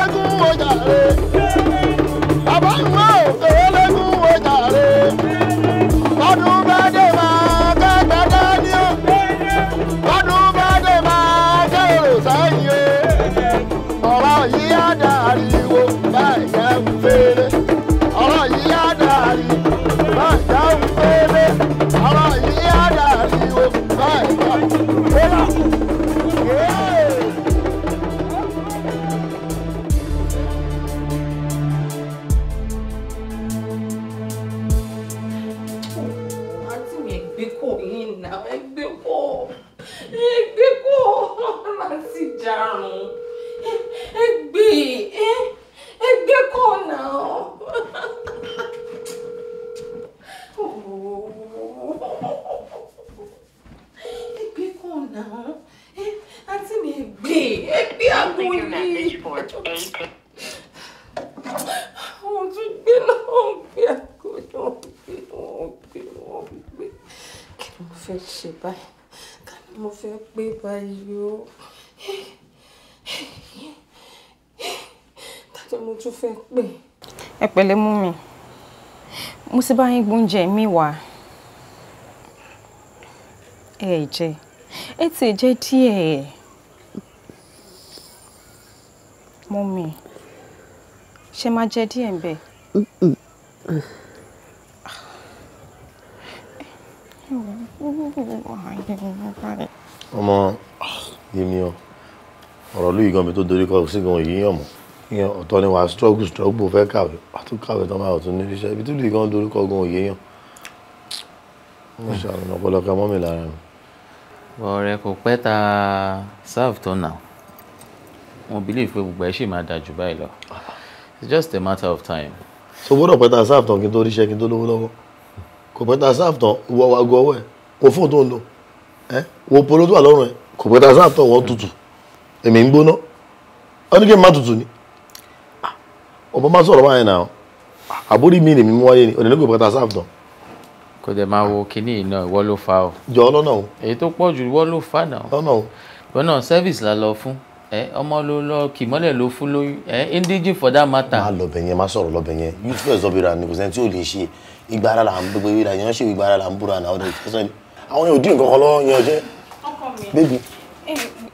No. fẹ́ pè. ẹ pẹ̀lẹ́ mú mi mo ti bá yín gbóúnjẹ mi wá ẹ jẹ ẹ ti jẹ díẹ̀ mú mi ṣe máa jẹ díẹ̀ ń ọmọ yìí ni ọ ọ̀rọ̀ lóyún gan mi tó dorí kọ sí gan yìí yàn mọ́ ìyẹn ọ̀tọ̀ ni wàá struggle struggle fẹ́ kàwé àtún kàwé tán máa ọ̀tún níbi iṣẹ́ ibi tí lùyìí kan dorúkọ gan òye yàn wọ́n ṣàlùmọ̀ ọ̀pọ̀lọpọ̀ mọ́ mi lára mi. ọ̀rẹ́ kò pẹ́ ta serve tó nà mo believe pé gbogbo ẹ̀ ṣì máa dà jù báyìí lọ it's just a matter of time. so gbọ́dọ̀ pẹ́ ta serve tán kí n tó ríṣẹ́ kí n tó lówó lọ́wọ́ kò pẹ́ ta serve tán ìwọ wa gọ ọwọ́ ẹ̀ kò fóun tó ń lò ẹ̀ kò ọba máa sọ̀rọ̀ báyẹn náà àbúrí mi lèmi mú wáyé ni ọ̀nà ìlẹ́gbẹ̀ẹ́ pátá sáàbùtàn. kò dẹ̀ máa wo kinní iná ìwọ ló fa o. jọ lọ́nà o. èyí tó pọ̀ jù ìwọ ló fa náà. lọ́nà o. lọ́nà service la lọ fún ẹ ọmọ ló lọ kì mọ́lẹ̀ ló fún lóyún ẹ indigene for that matter. máa lọbẹ̀ yẹn máa sọ̀rọ̀ lọbẹ̀ yẹn useless ọbẹ̀ra ni kò sẹ́ni tí ò lè ṣe ìgbà ara là ń gbogbo ìrà yẹn ṣe ìgbà ara là ń búra náà ọ̀dọ̀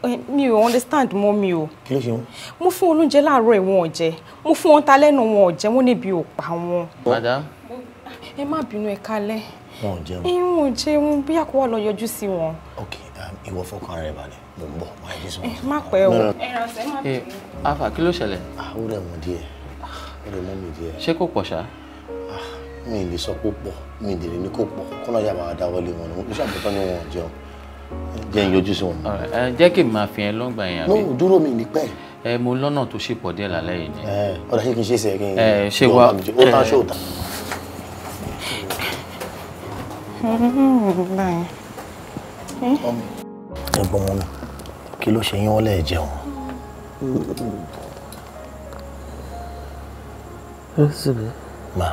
Eh, mi ò understand mọ́ mi o. kí ló ṣe wọn. mo fún wọn lóúnjẹ láàárọ̀ ìwọ̀n ọ̀jẹ̀ mo fún wọn ta lẹ́nu wọn ọ̀jẹ̀ wọn níbi ò wọn. madam. ẹ má bínú ẹ kalẹ̀. wọn ò jẹun. ìwọn eh, ò jẹun bí àkọ́wà lọ yọjú sí wọn. ok um, ìwọ fọkàn rẹ balẹ̀ mo ń bọ̀ máa yẹ sọ. ẹ má pẹ́ o. Eh, ẹ ràn sẹ́ má bínú. afa kí ló ṣẹlẹ̀. àwọn ọ̀rẹ́ mọ̀ díẹ̀ ọ̀rẹ́ mọ̀ mi díẹ̀. ṣé kò pọ̀ ṣá ah, mi ì lè sọ pé pọ̀ mi ì lè ní kó pọ̀ kọ́nà jẹ́ ń yọjú sí wọn. jẹ́ kí n máa fi ẹ lọ́gbà yẹn àbí. no dúró mi ní pẹ́. ẹ mo lọ́nà tó ṣe pọ̀ díẹ̀ lálẹ́ yìí ni. ọ̀dà ṣé kí n ṣe ṣe kí n. ṣé wa ó tán ṣó tán. ẹ̀gbọ́n wọn kí ló ṣe yín wọ́n lẹ́ẹ̀ jẹun. ma.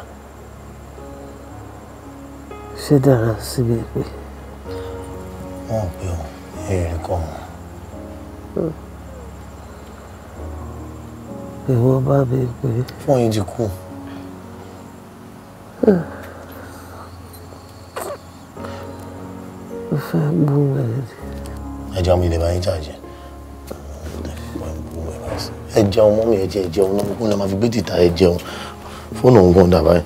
ṣé dára síbi pé wọn ò pé òun èrè kọ òun. ìwọ bá mi pé. fún yín ti kú. mo fẹ́ bú ẹ. ẹ jẹun mi lè bá yín jàjẹ ẹ jẹun mọ́ mi ẹ jẹ ẹ jẹun náà kó lè máa fi gbé tìta ẹ jẹun fóònù nǹkan dàbáyé.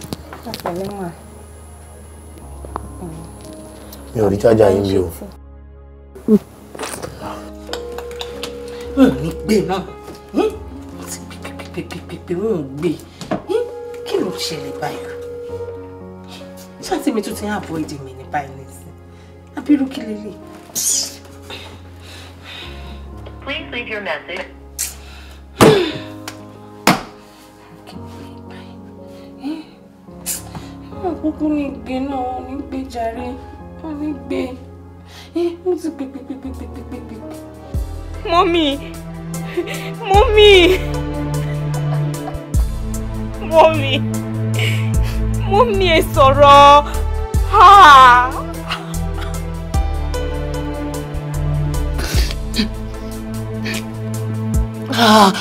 mi ò rí chájà yín bí o. ń hmm? hmm? Please leave your message. Hmm? gbé náà wọn ní Mommy! Mommy! Mommy! Mommy ẹ sọ̀rọ̀! Ha! Ah!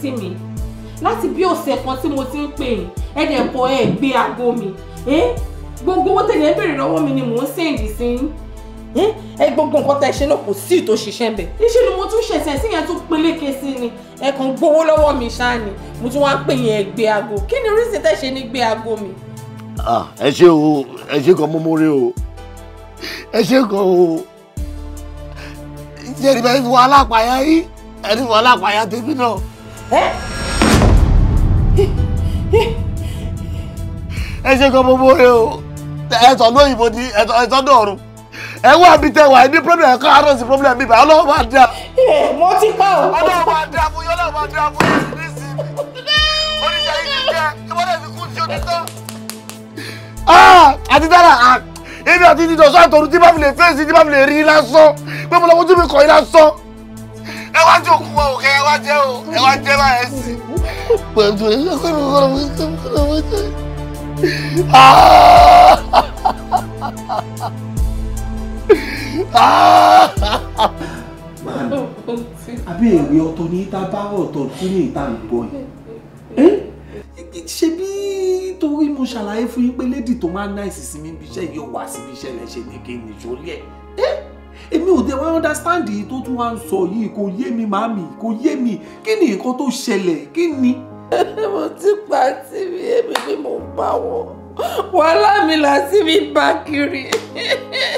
àǹtí mi láti bí ọ̀sẹ̀ kan tí mo ti ń pè yín ẹ̀dẹ̀kọ̀ ẹ̀ gbé aago mi gbogbo owó tẹ̀lé ń bèrè lọ́wọ́ mi ni mò ń sèǹdì sí yín. ẹ gbogbo nǹkan tá ẹ ṣe náà kò sí ìtò ṣiṣẹ́ ń bẹ̀. níṣẹ́ ni mo tún ṣẹ̀ṣẹ̀ sí yẹn tún peléke sí ni ẹ kàn gbowó lọ́wọ́ mi ṣáà ni mo tún wá pè yẹn gbé aago kí ni orí ṣètẹ́ ṣe ní gbé aago mi. ẹ ṣe o ẹ ṣe kan mọ́mọ́rí o ẹ ṣe kan o ṣe ìbẹ̀rẹ̀ fún alápàyà yìí ẹni fún alápàyà tèmi náà ẹ ṣe kan gbogbo rẹ o ẹtọ lóyìnbó ni ẹtọ ẹtọ dọrùn ẹ wá bí tẹ wà ní problem ẹ kọ àárọ̀ sí problem bíbá ọlọ́wọ́ máa dá. mo ti pa o. ọlọ́wọ́ máa dá fún yín ọlọ́wọ́ máa dá fún yín ní sinmi oníṣẹ́ yìí ti jẹ́ ìwọ́lẹ̀ ti kú sí onítọ́. àti dára èmi àti dídọ̀ sọ àtọ̀rù tí bá fi lè fèsì tí bá fi lè rí lásán pé mo lọ́wọ́ tí mi kọ̀ yín lásán ẹ wá jókòó wọn òkè ẹ wá jẹ o ẹ wá jẹ báyẹn sí. pẹ̀lú ẹ̀yà kọ́nà kọ́nà mo jẹ́ kọ́nà mo jẹ́. àbí èrè ọ̀tọ̀ ní ìta bá ọ̀tọ̀ tún ní ìta ń gbọ́ yìí ṣe bí torí mo ṣàlàyé fún yín pé lédì tó máa ń náìsì sí mi bí iṣẹ́ yóò wá síbi iṣẹ́ rẹ̀ ṣe ní kí n nìṣó lẹ̀ ẹ́ èmi ò dé wá understand yìí tó tún wá ń sọ yìí kò yé mi màmí kò yé mi kí ni nǹkan tó ṣẹlẹ̀ kí ni. mo ti pa tìmí èmi ni mo pa wọn wàhálà mi láti mi bá kiri.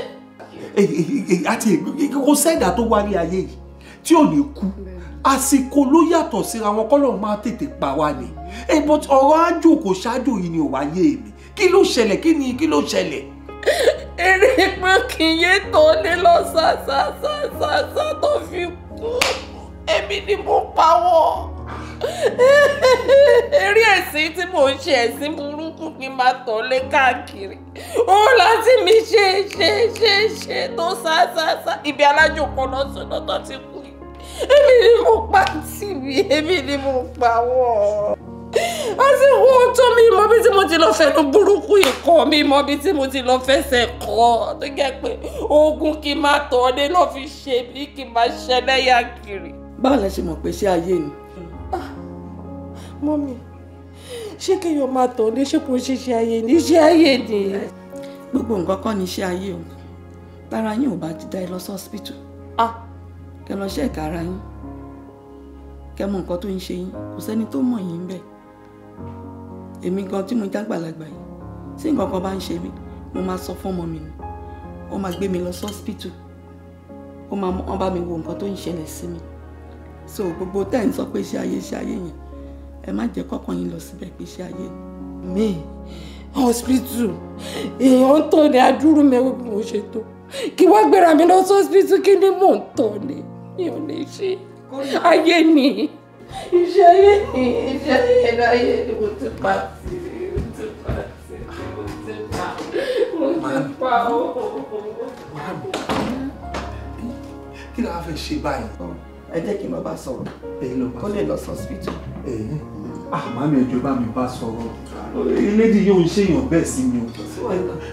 àti kò sẹ́dà tó wá ní ayé yìí tí ò ní kú àsìkò ló yàtọ̀ síra wọn kọ́ lóun máa tètè pa wá ni ọ̀rọ̀ àjò kò ṣáájú yìí ni ò wáyé mi kí ló ṣẹlẹ̀ kí ni kí ló ṣẹlẹ̀ eré pé kì í sa sa sa sa ṣàṣàṣàṣà tó fi kú èmi ni mo pa wọ́n eré ẹ̀sìn tí mò ń ṣe ẹ̀sìn burúkú kí n máa tọ̀ lé káàkiri òun láti mi ṣe ṣe ṣe ṣe tó ṣàṣàṣà ibi alájò kan lọ́sùn lọ́tọ̀ ti kú èmi ni mo pa tìbí èmi ni mo pa wọ́n àti wọ́n tó mi mọ bí tí mo ti lọ fẹnu burúkú ikọ̀ mi mọ bí tí mo ti lọ fẹsẹ̀ kọ́ tó jẹ́ pé oògùn kí n máa tọ̀ ọ́ dé náà fi ṣe bí kí n máa ṣẹlẹ́yà kiri. báwo lẹ ṣe mọ̀ pé ṣé ayé ni. Ah, mọ́mí ṣé kéèyàn máa tọ̀ ní ṣé kò ṣe ṣe ayé ni ṣé ayé ni. gbogbo nǹkan kọ́ ni ṣé ayé o tára yín ò bá ti dá ẹ lọ sí hospital ah. kẹ lọ ṣe ẹ̀ka ara yín kẹ mọ nǹkan tó ń ṣe yín kò sẹ́ni tó mọ̀ yín bẹ́ẹ̀ èmi gan tí mo jágbàlagbà yìí tí nǹkan kan bá ń ṣe mí mo máa sọ fún ọmọ mi ni ó máa gbé mi lọ sọ́spítù ó máa wọ́n bá mi wo nǹkan tó ń ṣẹlẹ̀ sí mi so gbogbo tẹ́ ń sọ pé ṣe ayé ṣe ayé yẹn ẹ má jẹ́ kọ́kàn yín lọ síbẹ̀ pé ṣe ayé mi hospital èèyàn ń tọ́ ni adúrú mẹ́wọ́ bí mo ṣe tó kí wọ́n gbéra mi lọ sọ́spítù kí ni mò ń tọ́ ni mi ò lè ṣe ayé ni iṣẹ́ ayé ni iṣẹ́ ayé láyé ni mo ti pa sí i mo ti pa sí i mo ti pa mo ti pa o. kí ló wá fẹ́ ṣe báyìí. ẹ jẹ́ kí n bàbá sọ̀rọ̀ kó lè lọ sọ́sìpìtì. àmọ́ mi ìjọba mi bá sọ̀rọ̀ eléyìí yóò ń ṣèyàn bẹ́ẹ̀ sí mi o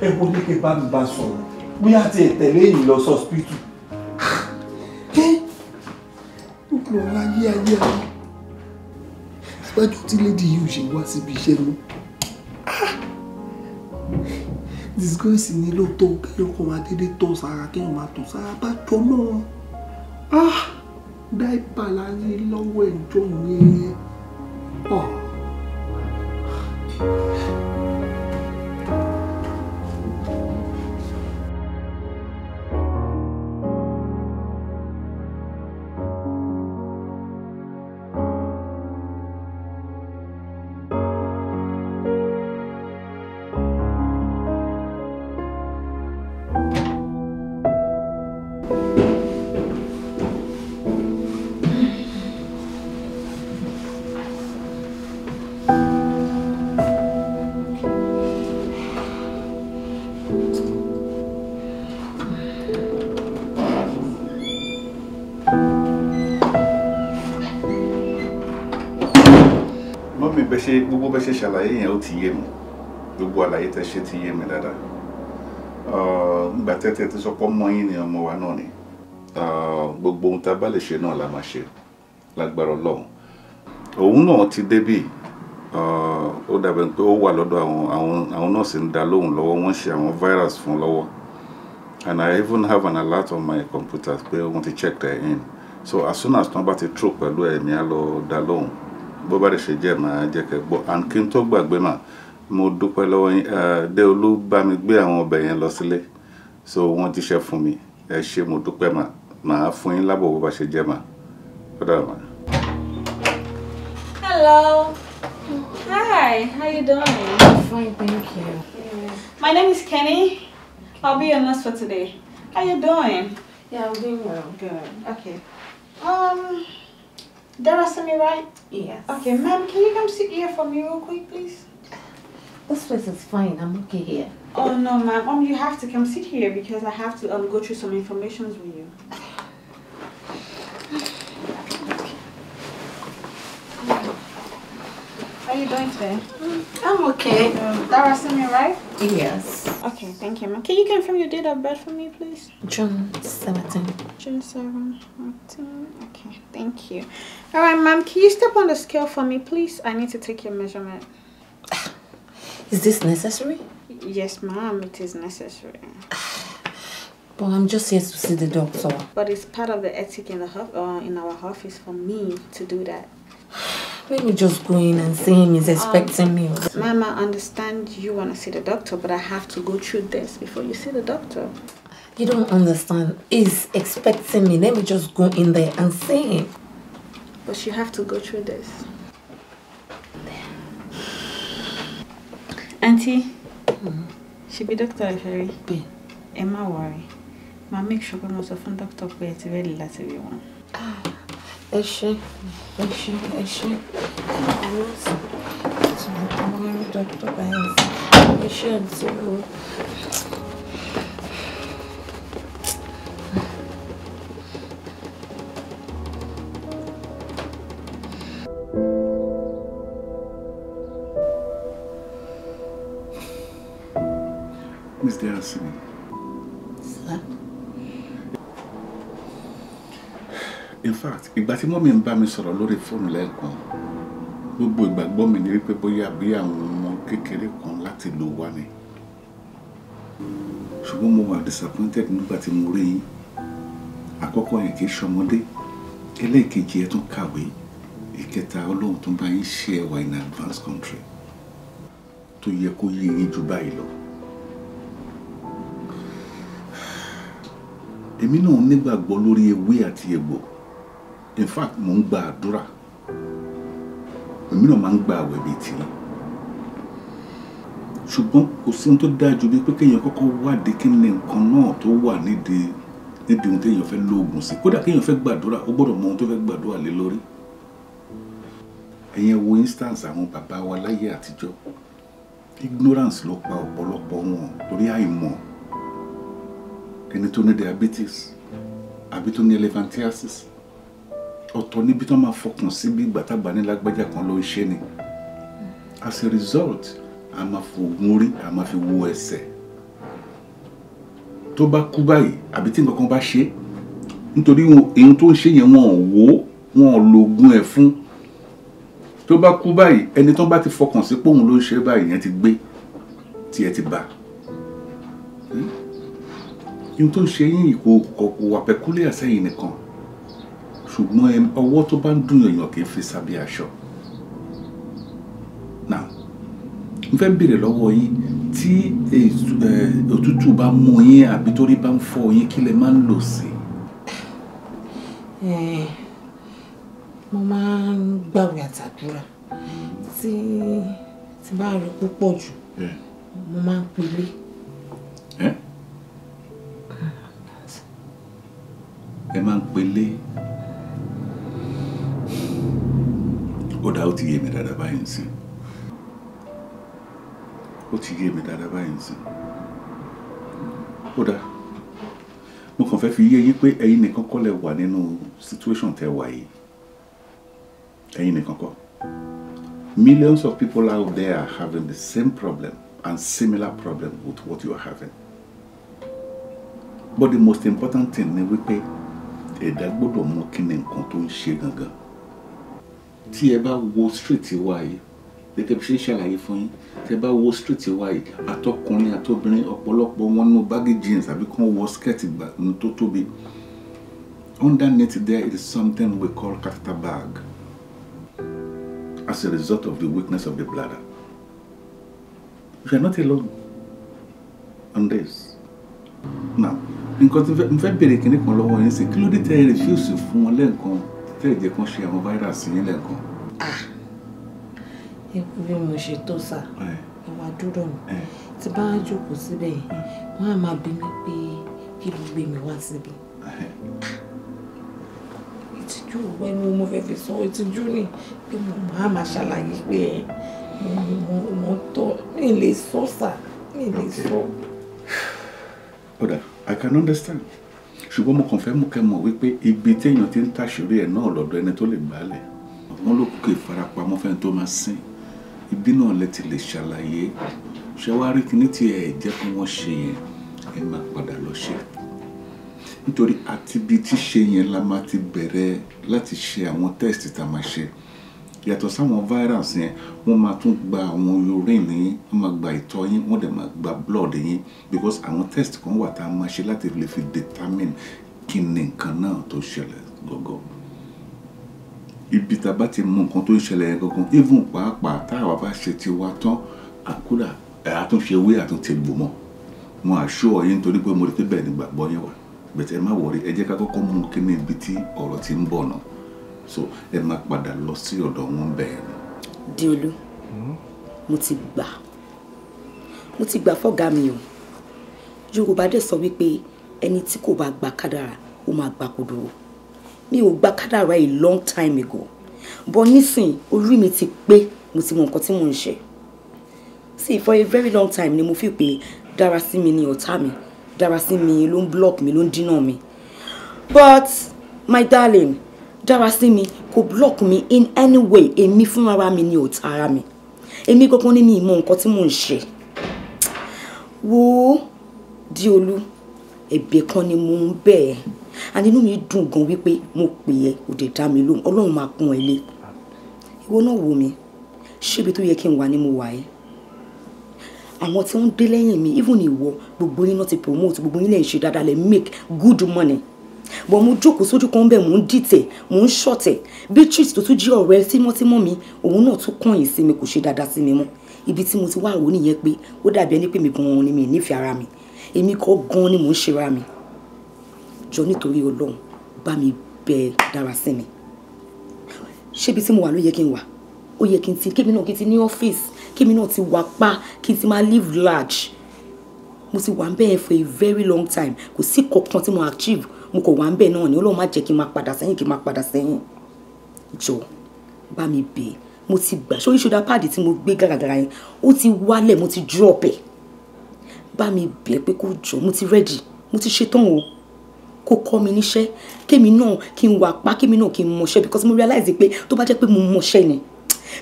ẹ wo ní kí n bá mi bá sọ̀rọ̀ bóyá ti ẹ̀ tẹ̀lé èyí lọ sọ́sìpìtì. kí ló ń láyé ayé ayé gbájú tí lady yìí ò ṣe wá síbi iṣẹ́ mú ah! disgrace ni lóòótọ́ kéèyàn máa dédé tọ̀ sára kéèyàn máa tọ̀ sára bá jọ náà dáìpà láyé lọ́wọ́ ẹ̀jọ́ yẹn. ṣe gbogbo bẹ ṣe ṣàlàyé yẹn ó ti yé mi gbogbo àlàyé tẹ ṣe ti yé mi dáadáa nígbà ti sọ pé ọmọ yín ni ọmọ wa náà ni gbogbo ohun tá a bá lè ṣe náà la máa ṣe lágbára ọlọ́run òun náà ti débì ó dàbẹ̀ pé ó wà lọ́dọ̀ àwọn àwọn nọ́ọ̀sì ń da lóhùn lọ́wọ́ wọ́n ṣe àwọn virus fún lọ́wọ́ and I even have an alert on my computer pé wọ́n ti check their in so as soon as wọ́n bá ti throw pẹ̀lú ẹ̀mí á lọ da lóhùn bó bá lè ṣe jẹ́ màá jẹ́ kẹ́ gbọ́ and kí n tó gbàgbé mà mo dúpẹ́ lọ́wọ́ yín eh, Déolú bá mi gbé àwọn ọbẹ̀ yẹn lọ sílé so wọ́n ti fún mi ẹ ṣé mo dúpẹ́ mà màá fún yín lábọ̀ bó bá ṣe jẹ́ mà ó dàbọ̀ mà. hello hi how you doing. fine thank you. my name is Kenny I'll be your nurse for today how you doing. yeah I'm doing well good okay. Um, Dara, I me right? Yes. Okay, ma'am, can you come sit here for me real quick, please? This place is fine. I'm okay here. Oh, no, ma'am. Um, you have to come sit here because I have to um, go through some information with you. How are you doing today? I'm okay. Um, Dara sent me right? Yes. Okay, thank you, ma'am. Can you confirm your date of birth for me, please? June 17, Seven, 14 okay thank you all right ma'am can you step on the scale for me please i need to take your measurement is this necessary yes ma'am it is necessary but i'm just here to see the doctor but it's part of the ethic in the uh, in our office for me to do that let me just go in and see him. He's um, expecting um, me. Mama, I understand you want to see the doctor, but I have to go through this before you see the doctor. You don't understand. He's expecting me. Let me just go in there and see him. But you have to go through this. Auntie, mm. she be Dr. Iferi. Be. Ẹ má worry. Ma make sure pé mo sọ fún doctor pé ẹ ti ready láti Is she? Ah, ẹ ṣé, ẹ ṣé, ẹ ṣé. Ẹ ṣé, ẹ ṣé. Miss Delassini. Sir. In fact, ìgbà tí mọ́mí ń bá mi sọ̀rọ̀ lórí fóònù lẹ́ẹ̀kan, gbogbo ìgbàgbọ́ mi ni wípé bóyá bí àwọn ọmọ kékeré kan láti lò wá ni. Ṣùgbọ́n mo wà disappointed nígbà tí mo rí yín. Àkọ́kọ́ yẹn kì í ṣọmọdé. Ẹlẹ́ẹ̀kejì ẹ tún kàwé. Ìkẹta Ọlọ́run tó bá yín ṣe ẹwà in advanced country tó yẹ kó yé yín ju báyìí lọ. èmi náà nígbàgbọ́ lórí ewé àti egbò in fact mo ń gba àdúrà èmi náà máa ń gba àwẹ̀ bíi tìyín ṣùgbọ́n kò sí ohun tó dáa ju bíi pé kéèyàn kọ́kọ́ wádìí kí ni nǹkan náà tó wà nídìí nídìí ohun téèyàn fẹ́ lóògùn sí kódà kéèyàn fẹ́ gbàdúrà ó gbọ́dọ̀ mọ ohun tó fẹ́ gbàdúrà lé lórí ẹ̀yin wo instance àwọn bàbá wa láyé àtijọ́ ignorance ló pa ọ̀pọ̀lọpọ̀ wọn torí àìmọ̀ ẹni tó ní diabetes àbí tó ní elephantiasis ọ̀tọ̀ níbi tó máa fọkàn sí bí ìgbà tábà ní lágbájá kan ló ń ṣe ni as a result a máa fògùn orí a máa fi wo ẹsẹ̀ tó bá kú báyìí àbí tí nǹkan kan bá ṣe nítorí ohun tó ń ṣe yẹn wọn ò wò ó wọn ò lo oògùn ẹ̀ fún tó bá kú báyìí ẹni tó bá ti fọkàn sí pé ló ń ṣe báyìí yẹn ti gbé tiẹ̀ ti bá a ohun tó ń ṣe yín kò kò wà pẹ̀kúlẹ̀ sẹ́yìn nìkan ṣùgbọ́n ọwọ́ tó bá ń dùn èèyàn kì í fi sábẹ́ aṣọ. now n fẹ́ béèrè lọ́wọ́ yín tí òtútù bá mú yín àbí torí bá ń fọ yín kí lẹ máa ń lò sí. mo máa ń gbàwé àtàdúrà tí tí bá rí púpọ̀ jù mo máa ń pilé. ẹ máa ń pelé ó dá ó ti yé mi dáadáa báyìí nsìn ó ti yé mi dáadáa báyìí nsìn ó dá mo kàn fẹ́ fi yé yín pé ẹ̀yin nìkan kọ́ lẹ wà nínú situation tẹ wà yìí ẹ̀yin nìkan kọ́ millions of people out there are having the same problem and similar problem with what you are having but the most important thing ni wípé ẹ̀dá gbọ́dọ̀ mọ kí ni nǹkan tó ń ṣe gangan tí ẹ bá wo street wa yìí gẹ́gẹ́ bí ṣe ń ṣàlàyé fún yín tẹ bá wo street wa yìí àtọkùnrin àtobìnrin ọ̀pọ̀lọpọ̀ wọn nú baggy jeans àbí kàn wọ skirt gbà tó tóbi underneath there is something we call catheter bag as a result of the weakness of the bladder you are not alone on this now nǹkan tí mo fẹ́ bèrè kinní kan lọ́wọ́ yín sí kí ló dé tẹ́ ẹ refuse fún wọn lẹ́ẹ̀kan tẹ́ ẹ jẹ́ kán ṣe àwọn virus yín lẹ́ẹ̀kan. Ah! ẹ kú bí mo ṣe tó sá ẹ wá dúró mi tí bá jókòó síbẹ̀ wọ́n á máa bí mi pé kí ló gbé mi wá síbi. Ah! ìtìjú òwe ni mo fẹ́ fi sọ ìtìjú ni pé mo máa máa ṣàlàyé pé mo tọ́ mi lè sọ sá mi lè sọ. ó I can understand ṣùgbọ́n mo kàn fẹ́ mú kẹ́ mọ̀ wípé ibi téèyàn ti ń tàṣírí ẹ̀ náà lọ́dọ̀ ẹni tó lè gbálẹ̀ wọn ló kókè ìfarapamọ́ fẹ́ni tó máa sìn ibi náà lẹ ti lè ṣàlàyé ṣé wàá rí kíní tí jẹ́ kí wọ́n ṣe yẹn ẹ máa padà lọ ṣe nítorí àti ibi tí ṣe yẹn la máa ti bẹ̀rẹ̀ láti ṣe àwọn test tá a máa ṣe yàtọ̀ sáwọn virus yẹn wọ́n máa tún gba àwọn urine yín wọ́n máa gba ìtọ̀ yín wọ́n dẹ̀ máa gba blood yín because àwọn test kan wà tá a máa ṣe láti lè fi determine kí ni nǹkan náà tó ṣẹlẹ̀ gọ́gọ́ ibi tá a bá ti mọ nǹkan tó ń ṣẹlẹ̀ yẹn gọ́gọ́ even pàápàá tá àwa bá ṣe ti wa tán àkúrà àtúnṣe wé àtúntì bò wọn àṣọ yín nítorí pé mo rí pé bẹ́ẹ̀ ni gbàgbọ́ yẹn wà bẹ̀tẹ̀ má wọrí ẹ jẹ́ ká kọ́kọ́ mú kí ni ibi tí ọ̀rọ̀ ti ń bọ̀ náà so ẹ máa padà lọ sí ọ̀dọ̀ wọn bẹ́ẹ̀ ni. diolu hmm? mo ti gbà mo ti gbà fọ́gà mi o yorùbá dẹ̀ sọ wípé ẹni tí kò bá gba kádàrà ó máa gba kodoro mi ò gba kádàrà a long time ago but nísìn orí mi ti pé mo ti mọ nǹkan tí mò ń ṣe see for a very long time ni mo fi pé dára sí mi ni ọ̀tá mi dára sí mi ló ń block mi ló ń dínà mi but my darling dára sí mi kò block mi in any way èmi fúnra mi ni ò ta ara mi èmi gbogbo ní mi ìmọ̀ nǹkan tí mò ń ṣe wo Díolú ẹ̀bẹ̀ kan ni mò ń bẹ̀ ẹ́ and inú mi dùn gan wípé mo pè ẹ́ ò dé dá mi lóhùn Ọlọ́run máa kún ẹ lé ìwọ náà wò mí ṣébi tó yẹ kí n wà ni mo wà ẹ́ àwọn tí wọ́n dé lẹ́yìn mi even ìwọ gbogbo yín náà ti promote gbogbo yín lẹ́yìn ṣe dáadáa lẹ́ make good money bọ̀ mo jókòó sójú kan bẹ́ẹ̀ mò ń dìtẹ̀ mò ń ṣọ̀tẹ̀ Beatrice tó tún jí ọ̀rẹ́ tímọ́tímọ́ mi òun náà tún kọ̀yìn sí mi kò ṣe dáadáa sí mi mọ́ ibi tí mo ti wá rò nìyẹn pé ó dàbí ẹni pé mi gan-an ni mi nífẹ̀ẹ́ ara mi èmi kọ́ gan-an ni mò ń ṣe ara mi jọ nítorí Ọlọ́run bá mi bẹ dára sí mi ṣébi tí mo wà ló yẹ kí n wà ó yẹ kí n ti kémi náà kí n ti ní ọ́fíìsì kémi náà ti wà pa kí n ti máa live large mo ti wà ń bẹ́ẹ̀ for a very long time kò sí kankan tí mo achieve mo kò wá ń bẹ̀ náà ni Ọlọ́run má jẹ́ kí n máa padà sẹ́yìn kí n máa padà sẹ́yìn jọ bá mi bẹ̀ mo ti gbà sórí ṣọdá páàdì tí mo gbé gàràgàrà yẹn ó ti wálẹ̀ mo ti drop ẹ̀ bá mi bẹ̀ pé kó jọ mo ti ready mo ti ṣetán o kó kọ́ mi níṣẹ́ kémi náà kí n wà pa kémi náà kí n mọṣẹ́ because mo realize pé tó bá jẹ́ pé mo mọṣẹ́ ni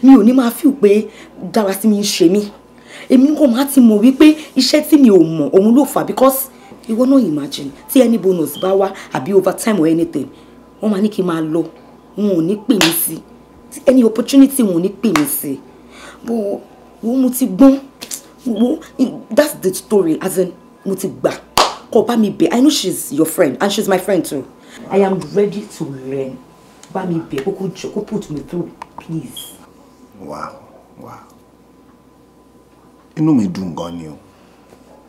mi ò ní máa feel pé dára sí mi ń ṣe mí èmi kò má ti mọ̀ wípé iṣẹ́ tí mi ò mọ̀ òun ló fà because ìwọ náà imagine tí any bonus bá wá àbí overtime or anything wọ́n máa ní kí n máa lọ wọn ò ní pè mí sí any opportunity wọn ò ní pè mí sí bó wo mo ti gbọ́n that's the story as in mo ti gbà kó bá mi bẹ̀ i know she's your friend and she's my friend too i am ready to learn bá mi bẹ̀ kókó jọ kó put me through please. wow wow inú mi dùn gan ni o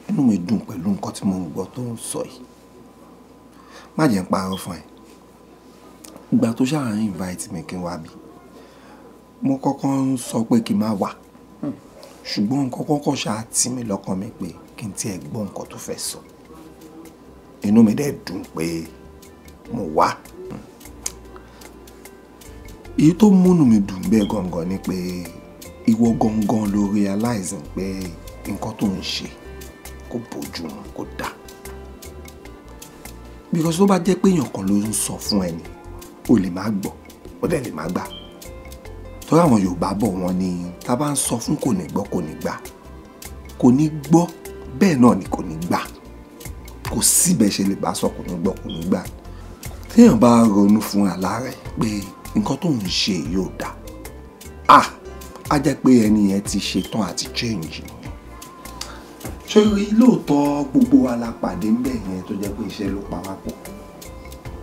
inú mi dùn pẹ̀lú nǹkan tí mo ń gbọ́ tó ń sọ yìí má jẹ́ ń parọ́ fún ẹ ìgbà tó ṣáà ń invite mi kí n wá bí mo kọ́kọ́ ń sọ pé kí n má wá ṣùgbọ́n nǹkan kọ́kọ́ ṣáà tì mí lọ́kàn mi pé kí n tiẹ̀ gbọ́ nǹkan tó fẹ́ sọ inú mi dẹ̀ dùn pé mo wá èyí tó múnú mi dùn bẹ́ẹ̀ gangan ni pé ìwọ gangan ló realize pé nǹkan tó ń ṣe kó bójú mu kó dà because tó bá jẹ́ pé èèyàn kan ló ń sọ fún ẹni o lè má gbọ́ ó dẹ̀ lè má gbà tọ́lá àwọn Yorùbá bọ̀ wọ́n ni tá a bá ń sọ fún kò ní gbọ́ kò ní gbà kò ní gbọ́ bẹ́ẹ̀ náà ni kò ní gbà kò síbẹ̀ ṣe lè bá sọ kò ní gbọ́ kò ní gbà téèyàn bá ronú fún aláàrẹ̀ pé nǹkan tó ń ṣe yóò dáa ah á jẹ́ pé ẹni yẹn ti ṣetán àti change ni sórí lóòótọ́ gbogbo wa la pàdé ńbẹ̀ yẹn tó jẹ́ pé iṣẹ́ ló pa wá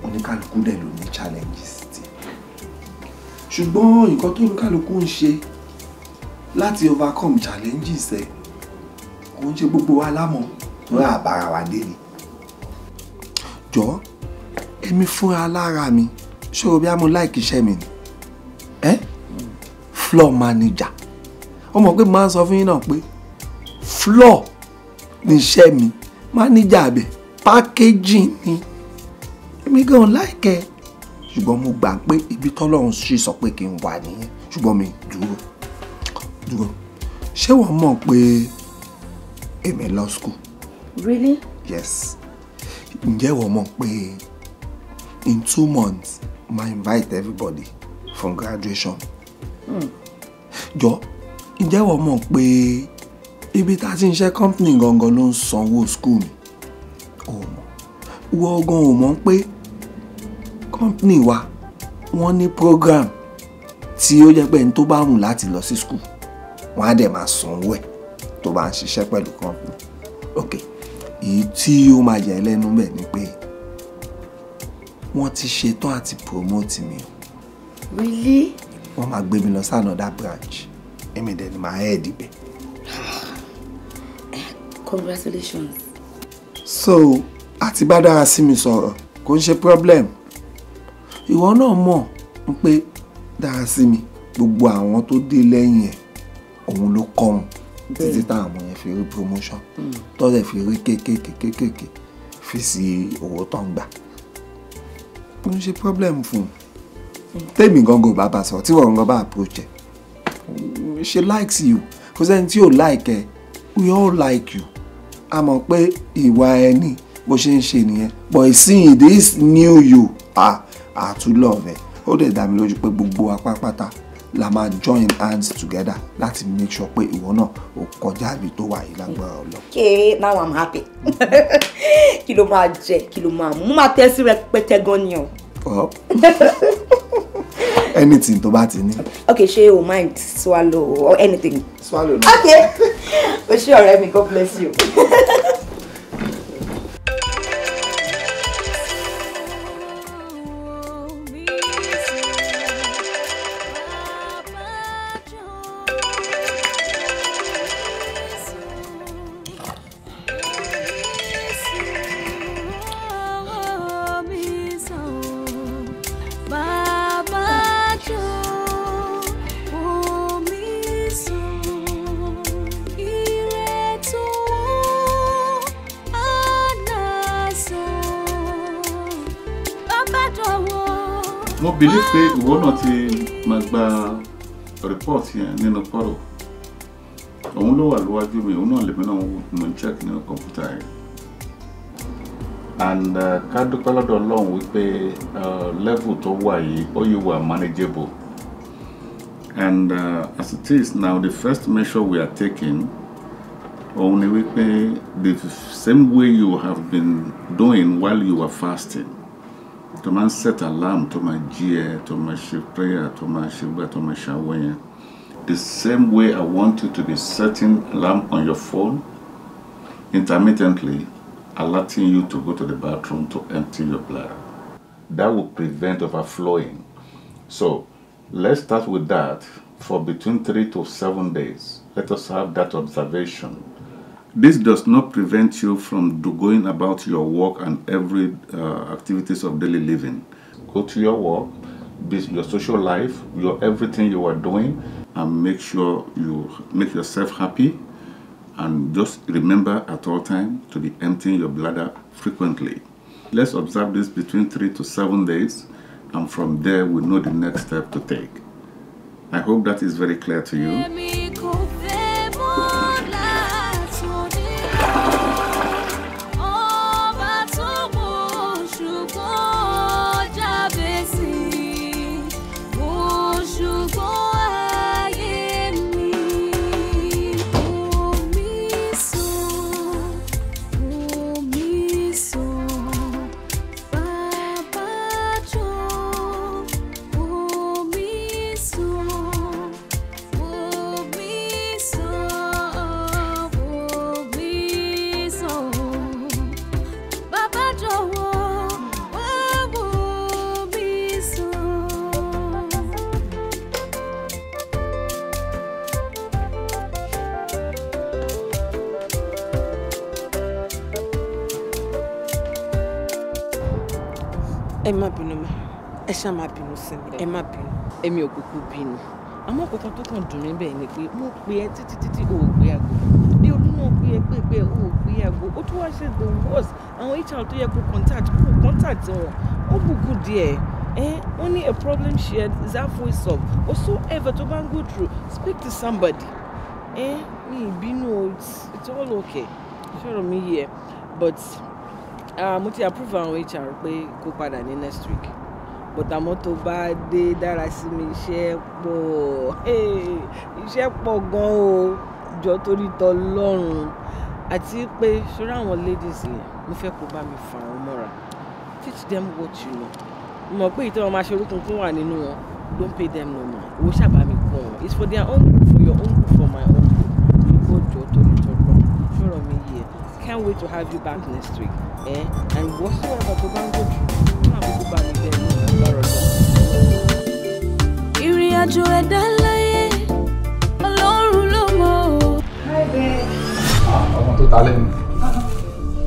oníkálukú dẹ̀ ló ní challenges ti ṣùgbọ́n nǹkan tó oníkálukú ń ṣe láti overcome challenges ẹ̀ kò ń ṣe gbogbo wa lámọ̀ tó rà bára wa dé ni jọ èmi fúnra lára mi ṣé o bí a láìkí iṣẹ́ mi ni ẹ́ floor manager ó mọ̀ pé mo sọ fún yín náà pé floor níṣẹ́ mi mánéjà abẹ packaging ni èmi gan láìkẹ́ ṣùgbọ́n mo gbà pé ibi tọ́lọ́run ṣì sọ pé kí n wà nìyẹn ṣùgbọ́n mi dúró dúró ṣé wọ́n mọ̀ pé èmi lọ school. really. yes ǹjẹ́ wọ́n mọ̀ pé in two months ma invite everybody from graduation. Hmm. jọ ǹjẹ́ wọ́n mọ̀ pé ibi tá a ti ń ṣe company gangan ló ń sanwó school mi òmò wọ ọgàn òmò ń pé company wa wọ́n ní program tí ó jẹ́ pé ní tó bá wù láti lọ sí school wọ́n á dẹ̀ máa sanwó ẹ̀ tó bá ń ṣiṣẹ́ pẹ̀lú company ok èyí tí ó máa yà ẹ́ lẹ́nu bẹ̀ ni pé wọ́n ti ṣetán àti promote mi o. really? wọ́n máa gbé mi lọ sí another branch èmi dẹ̀ ni màá head ibẹ̀ congratulations. so àti bá dára sí mi sọ̀rọ̀ kò ń problem ìwọ náà mọ̀ ń pé dára sí mi gbogbo àwọn tó dé lẹ́yìn ẹ̀ òun ló kọ́ wọn títí táwọn ọmọ yẹn fi rí promotion hmm. tọ́lẹ̀ fi rí kéékèèké kéékèèké fi sí owó tó ń gbà kò ń problem fun. un hmm. tèmi gangan ò bá bá sọ tí approach ẹ she likes you kò sẹ́ni you like ẹ we all like you a mọ̀ pé ìwà ẹni bó ṣe ń ṣe nìyẹn but seeing this new you ah àtúlọ̀ọ̀fẹ́ ó dẹ̀ dá mi lójú pé gbogbo apápátá la máa join hands together láti make sure pé ìwọ náà ò kọjá ibi tó wà yìí lágbára ọlọ. okay now i'm happy kí ló máa jẹ kí ló máa mú máa tẹ́ sí rẹpẹtẹ gan ni o. anything to bá ti Okay, she will mind swallow or anything. swallow Okay, but o ṣé Me god bless you. tiẹ̀ nínú pọ́rọ̀ òun ló wà lówájú mi òun náà lèmi náà mo check nínú kọ̀ǹpútà yẹn and uh, ká dúpẹ́ lọ́dọ̀ wípé uh, level tó wà yìí ó yìí wà manageable and uh, as it is now the first measure we are taking òun ni wípé the same way you have been doing while you were fasting tó máa ń set alarm tó máa jí ẹ tó máa ṣe prayer tó máa ṣe gbà tó máa ṣàwọ̀ yẹn. the same way I want you to be setting alarm on your phone, intermittently alerting you to go to the bathroom to empty your bladder. That will prevent overflowing. So let's start with that for between three to seven days. Let us have that observation. This does not prevent you from going about your work and every uh, activities of daily living. Go to your work, your social life, your everything you are doing, and make sure you make yourself happy. And just remember at all time to be emptying your bladder frequently. Let's observe this between three to seven days, and from there we know the next step to take. I hope that is very clear to you. ṣáà máa bínú sí mi ẹ má bínú. èmi ò kúkú bínú àmọ́ ọ̀kọ̀ọ̀kan tó kàn dùn mí ni pé mo pè ẹ́ títí títí o ò gbé aago bí olú náà pè pé pé o ò gbé aago ó tún wá ṣe the worst àwọn hr tó yẹ kó contact kó contact wọn ó bùkún díẹ̀ eh, only a problem shared is halfway solved. Whatsoever to ban go through, speak to somebody. Eh, me, be no, it's, all okay. Sure, me here. But, uh, mo ti approve àwọn HR pé kó padà ní next week bọ̀tàmọ́ tó bá dé dára sí mi iṣẹ́ pọ̀ iṣẹ́ pọ̀ gan o jọ torí tọ́ lọ́rùn àti pé ṣọ́ra àwọn ladies yẹn mo fẹ́ kó bá mi fà wọ́n mọ́ra teach them what you know mo mọ̀ pé ìtọ́ wọn máa ṣe orúkún fún wà nínú wọn don't pay them no mind owó ṣàbá mi kọ́ wọn it's for their own good for your own good for my own good you go jọ torí tọ́ lọ́rùn ṣọ́rọ̀ mi yẹ can't wait to have you back next week eh? and what's to one that go bá ń go through? ìrìnàjò ẹ̀dá láyé ọlọ́run ló mọ̀ ọ́. Ah, ọmọ tó ta lẹ́nu.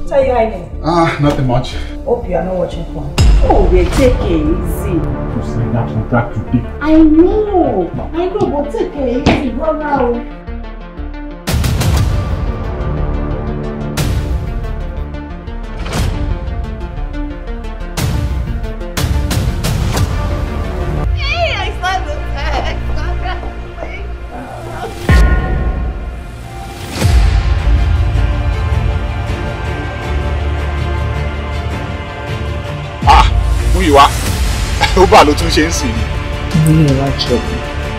Tell you hi. Ah, nothing much. Hope you are not watching porn. Oh, we're taking it easy. You're saying that from back to back. I know. I know, but take it easy, brother. october ló tún ṣe ń sìn ni. mi ò wá jẹ ọ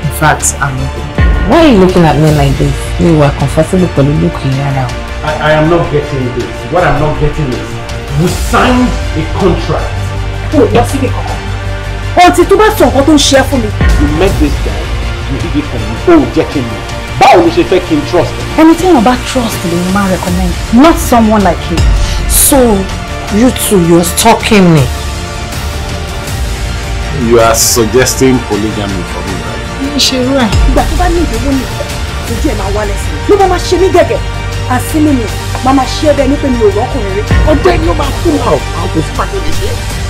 in fact i'm not there. why are you looking at me like this mi wà comfortable pẹ̀lú look yìí rárá o. I, am not getting this what I'm not getting is you signed a contract. o lọ síbi kankan ọtí tó bá sọ nǹkan tó ń ṣe fún mi. you met this guy you did it for me o jẹ́ kí n mọ̀ báwo ló ṣe fẹ́ kí n trust. ẹni tí èèyàn bá trust lè máa recommend not someone like you so you two you are stalking me you are suggesting polygamy for me right. mi ń ṣe irú ẹ̀. ìgbà tó bá ní ìdíwọ́ ní ìfẹ́ ojú ẹ̀ máa wálẹ̀ i ló máa ṣe mí gẹ̀gẹ̀ àsínú mi máa máa ṣe é bẹ́ẹ̀ ní pé mi ò rọ́kùnrin rí ọjọ́ how how to start this.